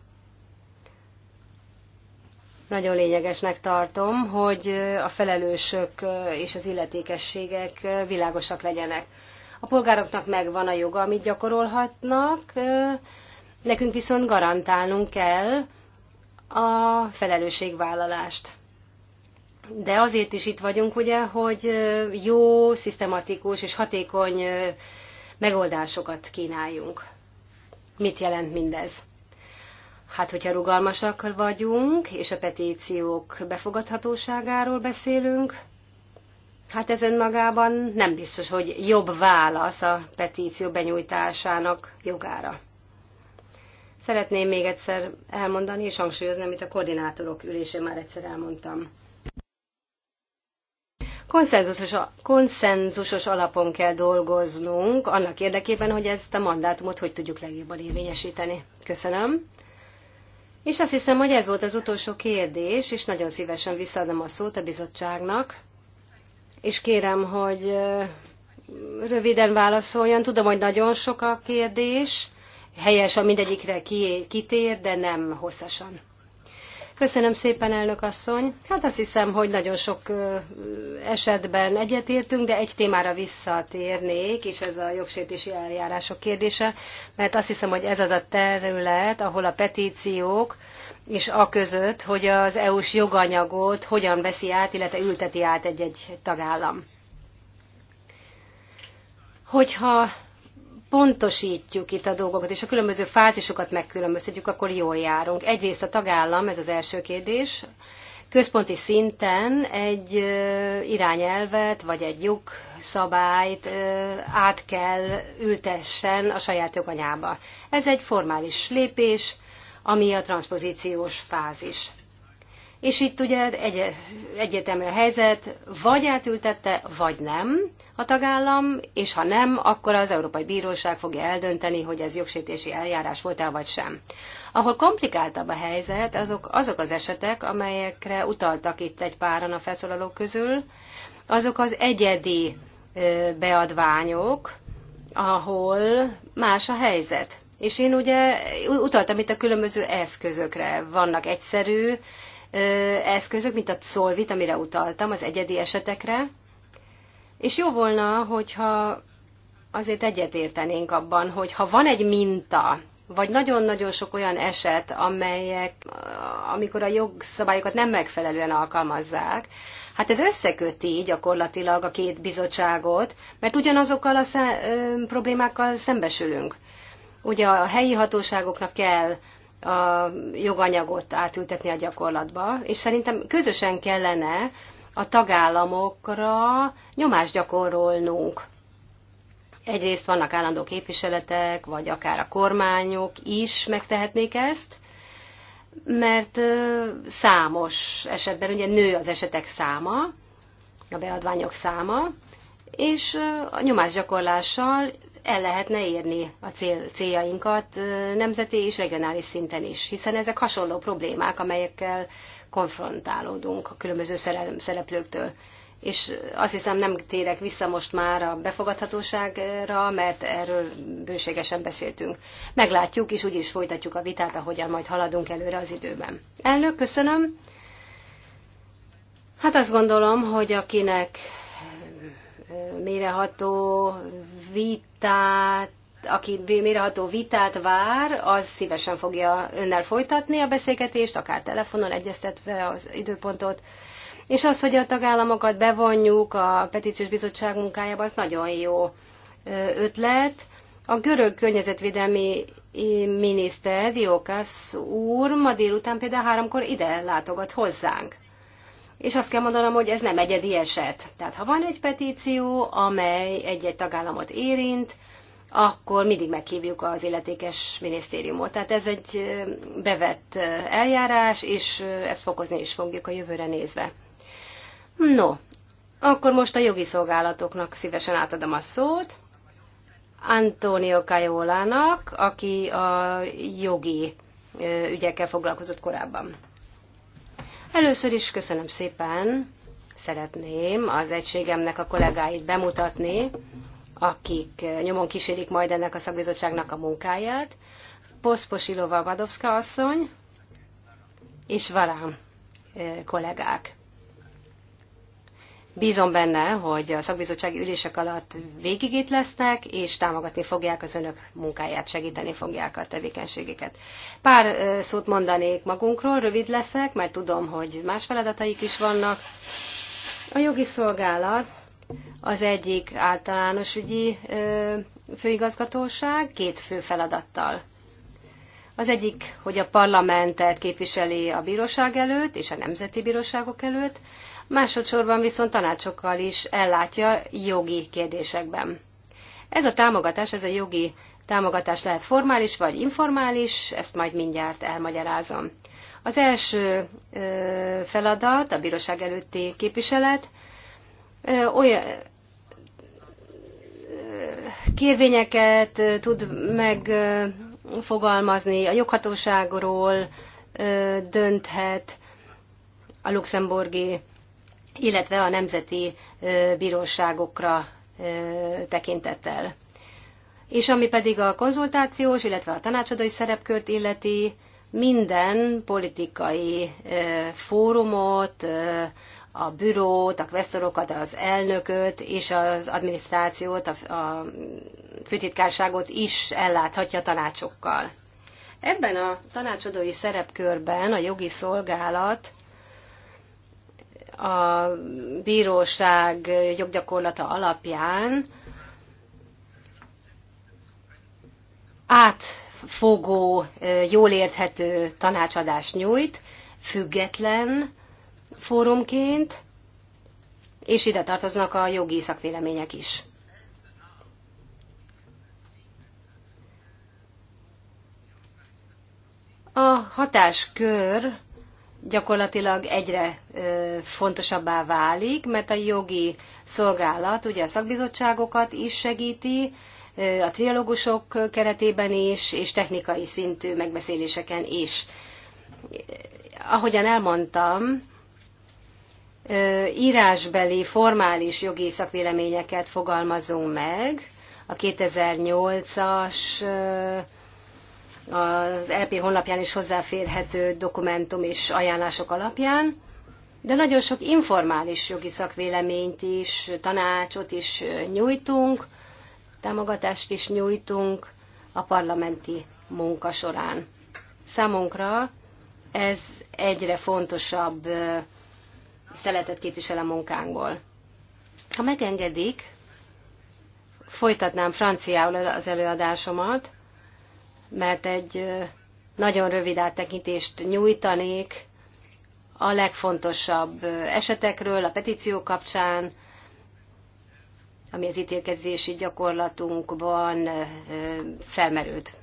Nagyon lényegesnek tartom, hogy a felelősök és az illetékességek világosak legyenek. A polgároknak megvan a joga, amit gyakorolhatnak, nekünk viszont garantálnunk kell a felelősségvállalást. De azért is itt vagyunk, ugye, hogy jó, szisztematikus és hatékony megoldásokat kínáljunk. Mit jelent mindez? Hát, hogyha rugalmasak vagyunk, és a petíciók befogadhatóságáról beszélünk, hát ez önmagában nem biztos, hogy jobb válasz a petíció benyújtásának jogára. Szeretném még egyszer elmondani és hangsúlyozni, amit a koordinátorok ülésén már egyszer elmondtam. Konszenzusos, konszenzusos alapon kell dolgoznunk annak érdekében, hogy ezt a mandátumot hogy tudjuk legjobban érvényesíteni. Köszönöm. És azt hiszem, hogy ez volt az utolsó kérdés, és nagyon szívesen visszaadom a szót a bizottságnak. És kérem, hogy röviden válaszoljon. Tudom, hogy nagyon sok a kérdés. Helyes, a mindegyikre kitér, de nem hosszasan. Köszönöm szépen, elnök asszony. Hát azt hiszem, hogy nagyon sok esetben egyetértünk, de egy témára visszatérnék, és ez a jogsértési eljárások kérdése, mert azt hiszem, hogy ez az a terület, ahol a petíciók és a között, hogy az EU-s joganyagot hogyan veszi át, illetve ülteti át egy-egy tagállam. Hogyha pontosítjuk itt a dolgokat, és a különböző fázisokat megkülönböztetjük, akkor jól járunk. Egyrészt a tagállam, ez az első kérdés, központi szinten egy irányelvet vagy egy jogszabályt át kell ültessen a saját joganyába. Ez egy formális lépés, ami a transpozíciós fázis. És itt ugye egy, egyértelmű a helyzet, vagy átültette, vagy nem a tagállam, és ha nem, akkor az Európai Bíróság fogja eldönteni, hogy ez jogsértési eljárás volt-e, vagy sem. Ahol komplikáltabb a helyzet, azok, azok az esetek, amelyekre utaltak itt egy páran a felszólalók közül, azok az egyedi beadványok, ahol más a helyzet. És én ugye utaltam itt a különböző eszközökre. Vannak egyszerű eszközök, mint a Solvit, amire utaltam, az egyedi esetekre. És jó volna, hogyha azért egyetértenénk abban, hogy ha van egy minta, vagy nagyon-nagyon sok olyan eset, amelyek, amikor a jogszabályokat nem megfelelően alkalmazzák, hát ez összeköti gyakorlatilag a két bizottságot, mert ugyanazokkal a szem, ö, problémákkal szembesülünk. Ugye a helyi hatóságoknak kell a joganyagot átültetni a gyakorlatba, és szerintem közösen kellene a tagállamokra nyomást gyakorolnunk. Egyrészt vannak állandó képviseletek, vagy akár a kormányok is megtehetnék ezt, mert számos esetben ugye nő az esetek száma, a beadványok száma, és a nyomásgyakorlással el lehetne érni a cél, céljainkat nemzeti és regionális szinten is, hiszen ezek hasonló problémák, amelyekkel konfrontálódunk a különböző szereplőktől. És azt hiszem nem térek vissza most már a befogadhatóságra, mert erről bőségesen beszéltünk. Meglátjuk, és úgyis folytatjuk a vitát, ahogyan majd haladunk előre az időben. Elnök, köszönöm. Hát azt gondolom, hogy akinek méreható vitát, aki méreható vitát vár, az szívesen fogja önnel folytatni a beszélgetést, akár telefonon egyeztetve az időpontot. És az, hogy a tagállamokat bevonjuk a petíciós bizottság munkájába, az nagyon jó ötlet. A görög környezetvédelmi miniszter, Diókász úr ma délután például háromkor ide látogat hozzánk és azt kell mondanom, hogy ez nem egyedi eset. Tehát ha van egy petíció, amely egy-egy tagállamot érint, akkor mindig meghívjuk az illetékes minisztériumot. Tehát ez egy bevett eljárás, és ezt fokozni is fogjuk a jövőre nézve. No, akkor most a jogi szolgálatoknak szívesen átadom a szót. Antonio Cajolának, aki a jogi ügyekkel foglalkozott korábban. Először is köszönöm szépen, szeretném az egységemnek a kollégáit bemutatni, akik nyomon kísérik majd ennek a szakbizottságnak a munkáját. Poszposilova Vadovska asszony és Varám eh, kollégák. Bízom benne, hogy a szakbizottsági ülések alatt végig itt lesznek, és támogatni fogják az önök munkáját, segíteni fogják a tevékenységeket. Pár szót mondanék magunkról, rövid leszek, mert tudom, hogy más feladataik is vannak. A jogi szolgálat az egyik általános ügyi főigazgatóság két fő feladattal. Az egyik, hogy a parlamentet képviseli a bíróság előtt és a nemzeti bíróságok előtt, másodszorban viszont tanácsokkal is ellátja jogi kérdésekben. Ez a támogatás, ez a jogi támogatás lehet formális vagy informális, ezt majd mindjárt elmagyarázom. Az első feladat, a bíróság előtti képviselet, olyan kérvényeket tud megfogalmazni, a joghatóságról dönthet, a luxemburgi illetve a nemzeti bíróságokra tekintettel. És ami pedig a konzultációs, illetve a tanácsadói szerepkört illeti, minden politikai fórumot, a bürót, a kvesztorokat, az elnököt és az adminisztrációt, a, a főtitkárságot is elláthatja tanácsokkal. Ebben a tanácsadói szerepkörben a jogi szolgálat a bíróság joggyakorlata alapján átfogó, jól érthető tanácsadást nyújt, független fórumként, és ide tartoznak a jogi szakvélemények is. A hatáskör gyakorlatilag egyre fontosabbá válik, mert a jogi szolgálat ugye a szakbizottságokat is segíti, a trialógusok keretében is, és technikai szintű megbeszéléseken is. Ahogyan elmondtam, írásbeli formális jogi szakvéleményeket fogalmazunk meg, a 2008-as az LP e honlapján is hozzáférhető dokumentum és ajánlások alapján, de nagyon sok informális jogi szakvéleményt is, tanácsot is nyújtunk, támogatást is nyújtunk a parlamenti munka során. Számunkra ez egyre fontosabb szeletet képvisel a munkánkból. Ha megengedik, folytatnám franciául az előadásomat, mert egy nagyon rövid áttekintést nyújtanék a legfontosabb esetekről a petíció kapcsán, ami az ítélkezési gyakorlatunkban felmerült.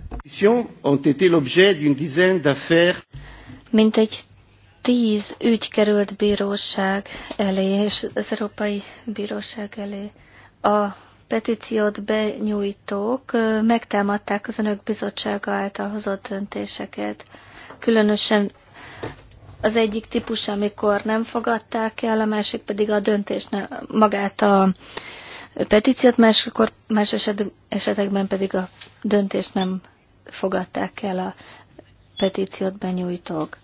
Mint egy tíz ügy került bíróság elé, és az Európai Bíróság elé. A petíciót benyújtók megtámadták az önök bizottsága által hozott döntéseket. Különösen az egyik típus, amikor nem fogadták el, a másik pedig a döntés magát a petíciót, máskor, más eset, esetekben pedig a döntést nem fogadták el a petíciót benyújtók.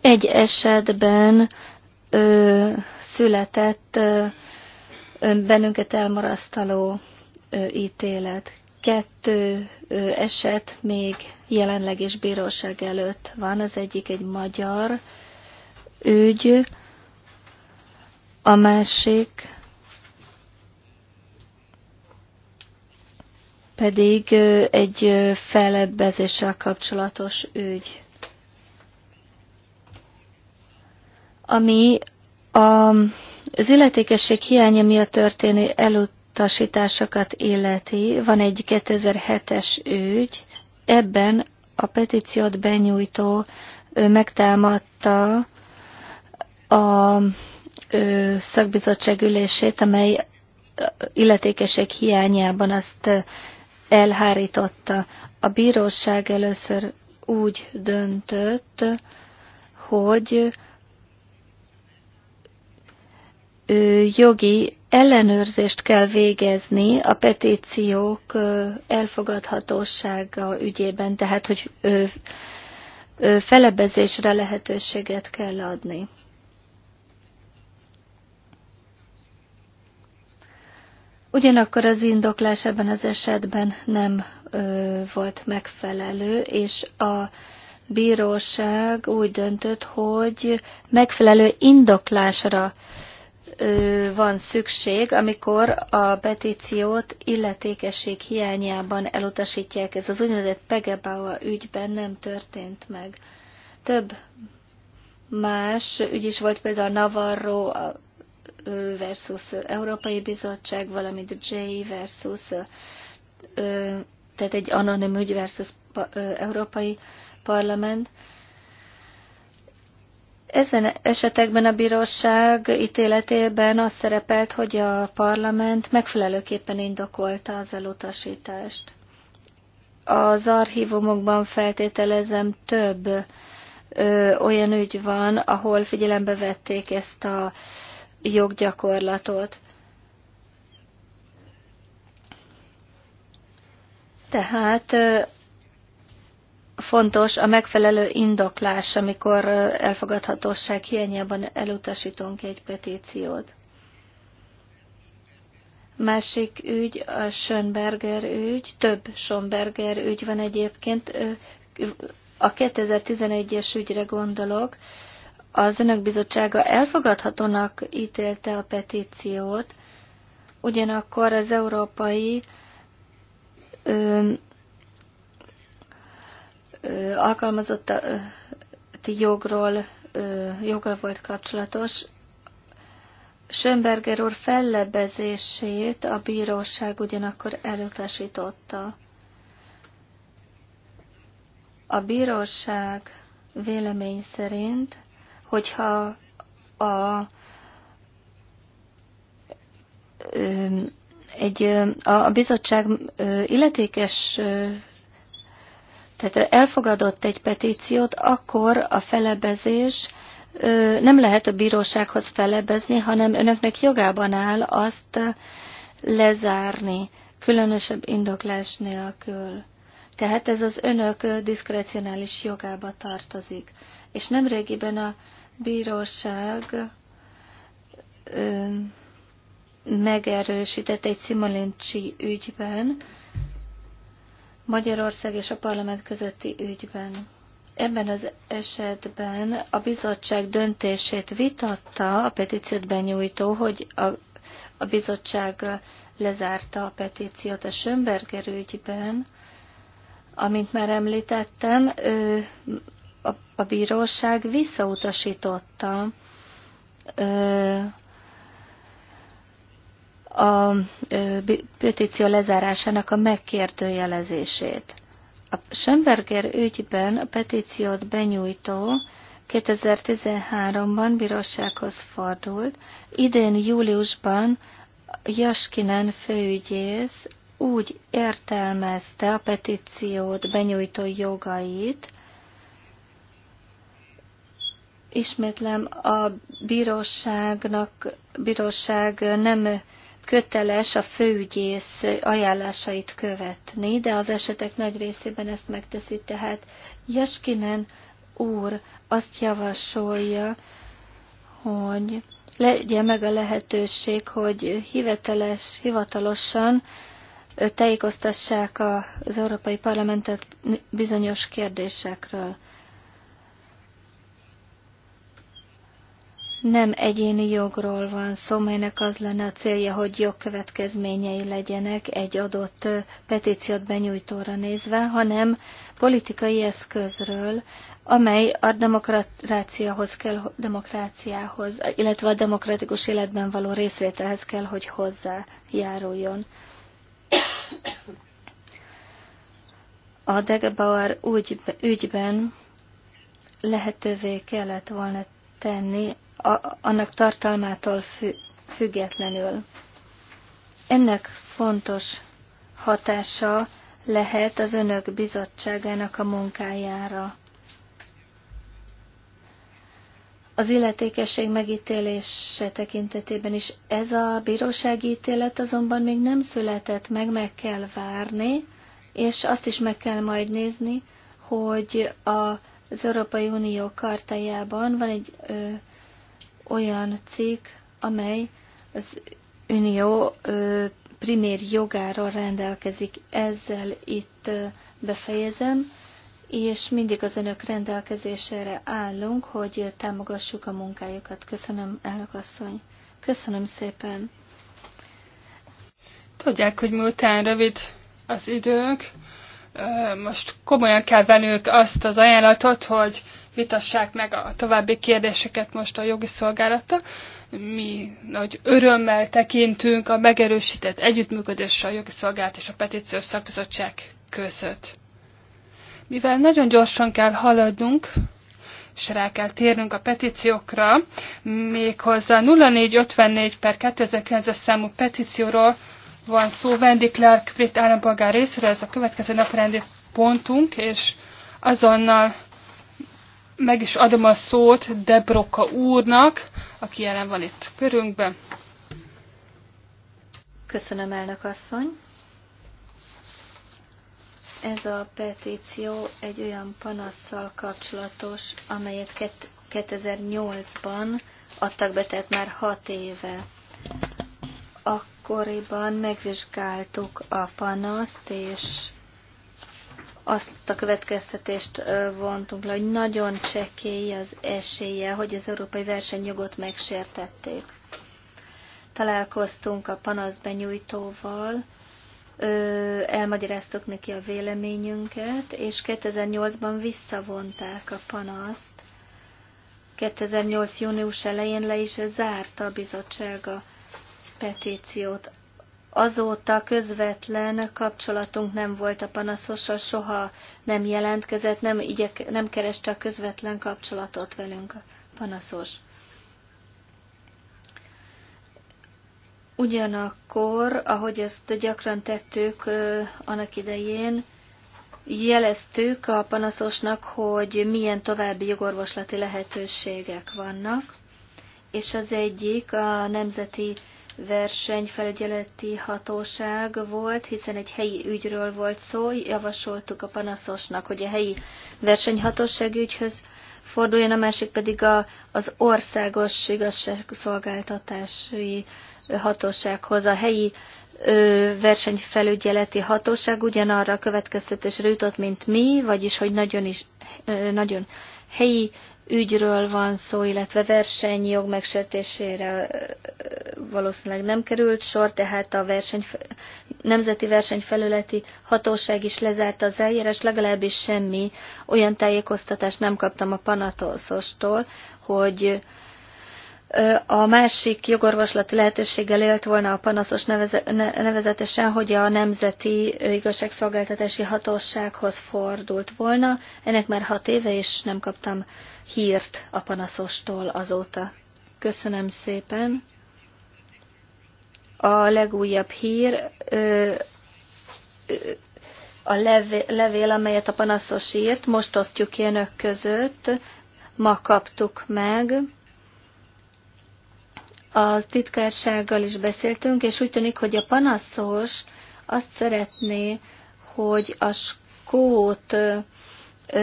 Egy esetben ö, született ö, bennünket elmarasztaló ítélet. Kettő eset még jelenleg is bíróság előtt van, az egyik egy magyar ügy, a másik pedig egy fellebbezéssel kapcsolatos ügy, ami a az illetékesség hiánya miatt történő elutasításokat illeti, van egy 2007-es ügy, ebben a petíciót benyújtó megtámadta a szakbizottság ülését, amely illetékesség hiányában azt elhárította. A bíróság először úgy döntött, hogy jogi ellenőrzést kell végezni a petíciók elfogadhatósága ügyében, tehát hogy felebezésre lehetőséget kell adni. Ugyanakkor az indoklás ebben az esetben nem ö, volt megfelelő, és a bíróság úgy döntött, hogy megfelelő indoklásra van szükség, amikor a petíciót illetékesség hiányában elutasítják. Ez az úgynevezett Pegebauer ügyben nem történt meg. Több más ügy is volt, például Navarro versus Európai Bizottság, valamint J versus, tehát egy anonim ügy versus Európai Parlament. Ezen esetekben a bíróság ítéletében az szerepelt, hogy a parlament megfelelőképpen indokolta az elutasítást. Az archívumokban feltételezem több ö, olyan ügy van, ahol figyelembe vették ezt a joggyakorlatot. Tehát fontos a megfelelő indoklás, amikor elfogadhatóság hiányában elutasítunk egy petíciót. Másik ügy, a Schönberger ügy, több Schönberger ügy van egyébként. A 2011-es ügyre gondolok. Az Önök Bizottsága elfogadhatónak ítélte a petíciót, ugyanakkor az Európai alkalmazotti jogról, joga volt kapcsolatos. Schönberger úr fellebezését a bíróság ugyanakkor elutasította. A bíróság vélemény szerint, hogyha a egy, a bizottság illetékes tehát elfogadott egy petíciót, akkor a felebezés nem lehet a bírósághoz felebezni, hanem önöknek jogában áll azt lezárni, különösebb indoklás nélkül. Tehát ez az önök diszkrecionális jogába tartozik. És nemrégiben a bíróság ö, megerősített egy Szimolincsi ügyben, Magyarország és a parlament közötti ügyben. Ebben az esetben a bizottság döntését vitatta a petíciót benyújtó, hogy a, a bizottság lezárta a petíciót a Sönberger ügyben, amint már említettem, ő, a, a bíróság visszautasította ö, a petíció lezárásának a megkérdőjelezését. A Schönberger ügyben a petíciót benyújtó 2013-ban bírósághoz fordult, idén júliusban Jaskinen főügyész úgy értelmezte a petíciót benyújtó jogait, ismétlem, a bíróságnak, bíróság nem köteles a főügyész ajánlásait követni, de az esetek nagy részében ezt megteszi. Tehát Jeskinen úr azt javasolja, hogy legyen meg a lehetőség, hogy hiveteles, hivatalosan tájékoztassák az Európai Parlamentet bizonyos kérdésekről. nem egyéni jogról van szó, melynek az lenne a célja, hogy jogkövetkezményei legyenek egy adott petíciót benyújtóra nézve, hanem politikai eszközről, amely a demokráciához kell, demokráciához, illetve a demokratikus életben való részvételhez kell, hogy hozzájáruljon. A Degebauer ügyben lehetővé kellett volna tenni a, annak tartalmától fü, függetlenül. Ennek fontos hatása lehet az önök bizottságának a munkájára. Az illetékesség megítélése tekintetében is ez a bírósági ítélet azonban még nem született meg, meg kell várni, és azt is meg kell majd nézni, hogy a, az Európai Unió kartájában van egy ö, olyan cikk, amely az unió primér jogáról rendelkezik. Ezzel itt befejezem, és mindig az önök rendelkezésére állunk, hogy támogassuk a munkájukat. Köszönöm, elnök asszony. Köszönöm szépen. Tudják, hogy miután rövid az idők, most komolyan kell vennünk azt az ajánlatot, hogy vitassák meg a további kérdéseket most a jogi szolgálata. Mi nagy örömmel tekintünk a megerősített együttműködésre a jogi szolgálat és a petíciós szakbizottság között. Mivel nagyon gyorsan kell haladnunk, és rá kell térnünk a petíciókra, méghozzá 0454 per 2009-es számú petícióról van szó Wendy Clark brit állampolgár részéről, ez a következő naprendi pontunk, és azonnal meg is adom a szót Debroka úrnak, aki jelen van itt körünkben. Köszönöm, elnök asszony. Ez a petíció egy olyan panasszal kapcsolatos, amelyet 2008-ban adtak be, tehát már 6 éve. Akkoriban megvizsgáltuk a panaszt, és azt a következtetést vontunk le, hogy nagyon csekély az esélye, hogy az európai versenyjogot megsértették. Találkoztunk a panaszbenyújtóval, elmagyaráztuk neki a véleményünket, és 2008-ban visszavonták a panaszt. 2008. június elején le is zárta a bizottság a petíciót. Azóta közvetlen kapcsolatunk nem volt a panaszossal, soha nem jelentkezett, nem, igyek, nem kereste a közvetlen kapcsolatot velünk a panaszos. Ugyanakkor, ahogy ezt gyakran tettük annak idején, jeleztük a panaszosnak, hogy milyen további jogorvoslati lehetőségek vannak, és az egyik a Nemzeti versenyfelügyeleti hatóság volt, hiszen egy helyi ügyről volt szó, javasoltuk a panaszosnak, hogy a helyi versenyhatóság ügyhöz forduljon, a másik pedig a, az országos igazságszolgáltatási hatósághoz. A helyi ö, versenyfelügyeleti hatóság ugyanarra a következtetésre jutott, mint mi, vagyis hogy nagyon, is, ö, nagyon helyi ügyről van szó, illetve versenyjog megsértésére valószínűleg nem került sor, tehát a verseny, Nemzeti Versenyfelületi Hatóság is lezárta az eljárás, legalábbis semmi olyan tájékoztatást nem kaptam a panaszostól, hogy a másik jogorvoslati lehetőséggel élt volna a panaszos nevezetesen, hogy a Nemzeti Igazságszolgáltatási Hatósághoz fordult volna. Ennek már hat éve, és nem kaptam hírt a panaszostól azóta. Köszönöm szépen. A legújabb hír a levél, amelyet a panaszos írt, most osztjuk önök között. Ma kaptuk meg a titkársággal is beszéltünk, és úgy tűnik, hogy a panaszos azt szeretné, hogy a skót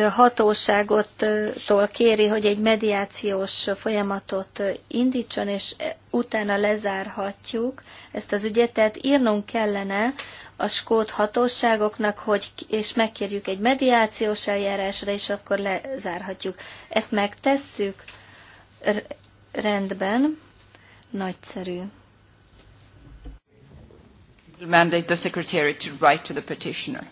hatóságottól kéri, hogy egy mediációs folyamatot indítson, és utána lezárhatjuk ezt az ügyet. Tehát írnunk kellene a skót hatóságoknak, hogy, és megkérjük egy mediációs eljárásra, és akkor lezárhatjuk. Ezt megtesszük rendben nagyszerű. Mandate the secretary to write to the petitioner.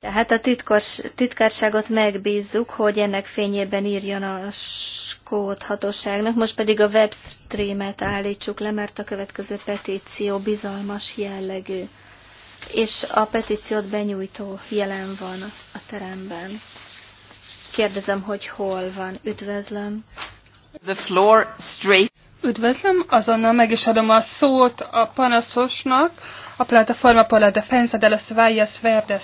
Tehát a titkos, titkárságot megbízzuk, hogy ennek fényében írjon a skót hatóságnak, most pedig a webstreamet állítsuk le, mert a következő petíció bizalmas jellegű, és a petíciót benyújtó jelen van a teremben. Kérdezem, hogy hol van. Üdvözlöm. The floor straight. Üdvözlöm, azonnal meg is adom a szót a panaszosnak, a plataforma por la defensa de los valles verdes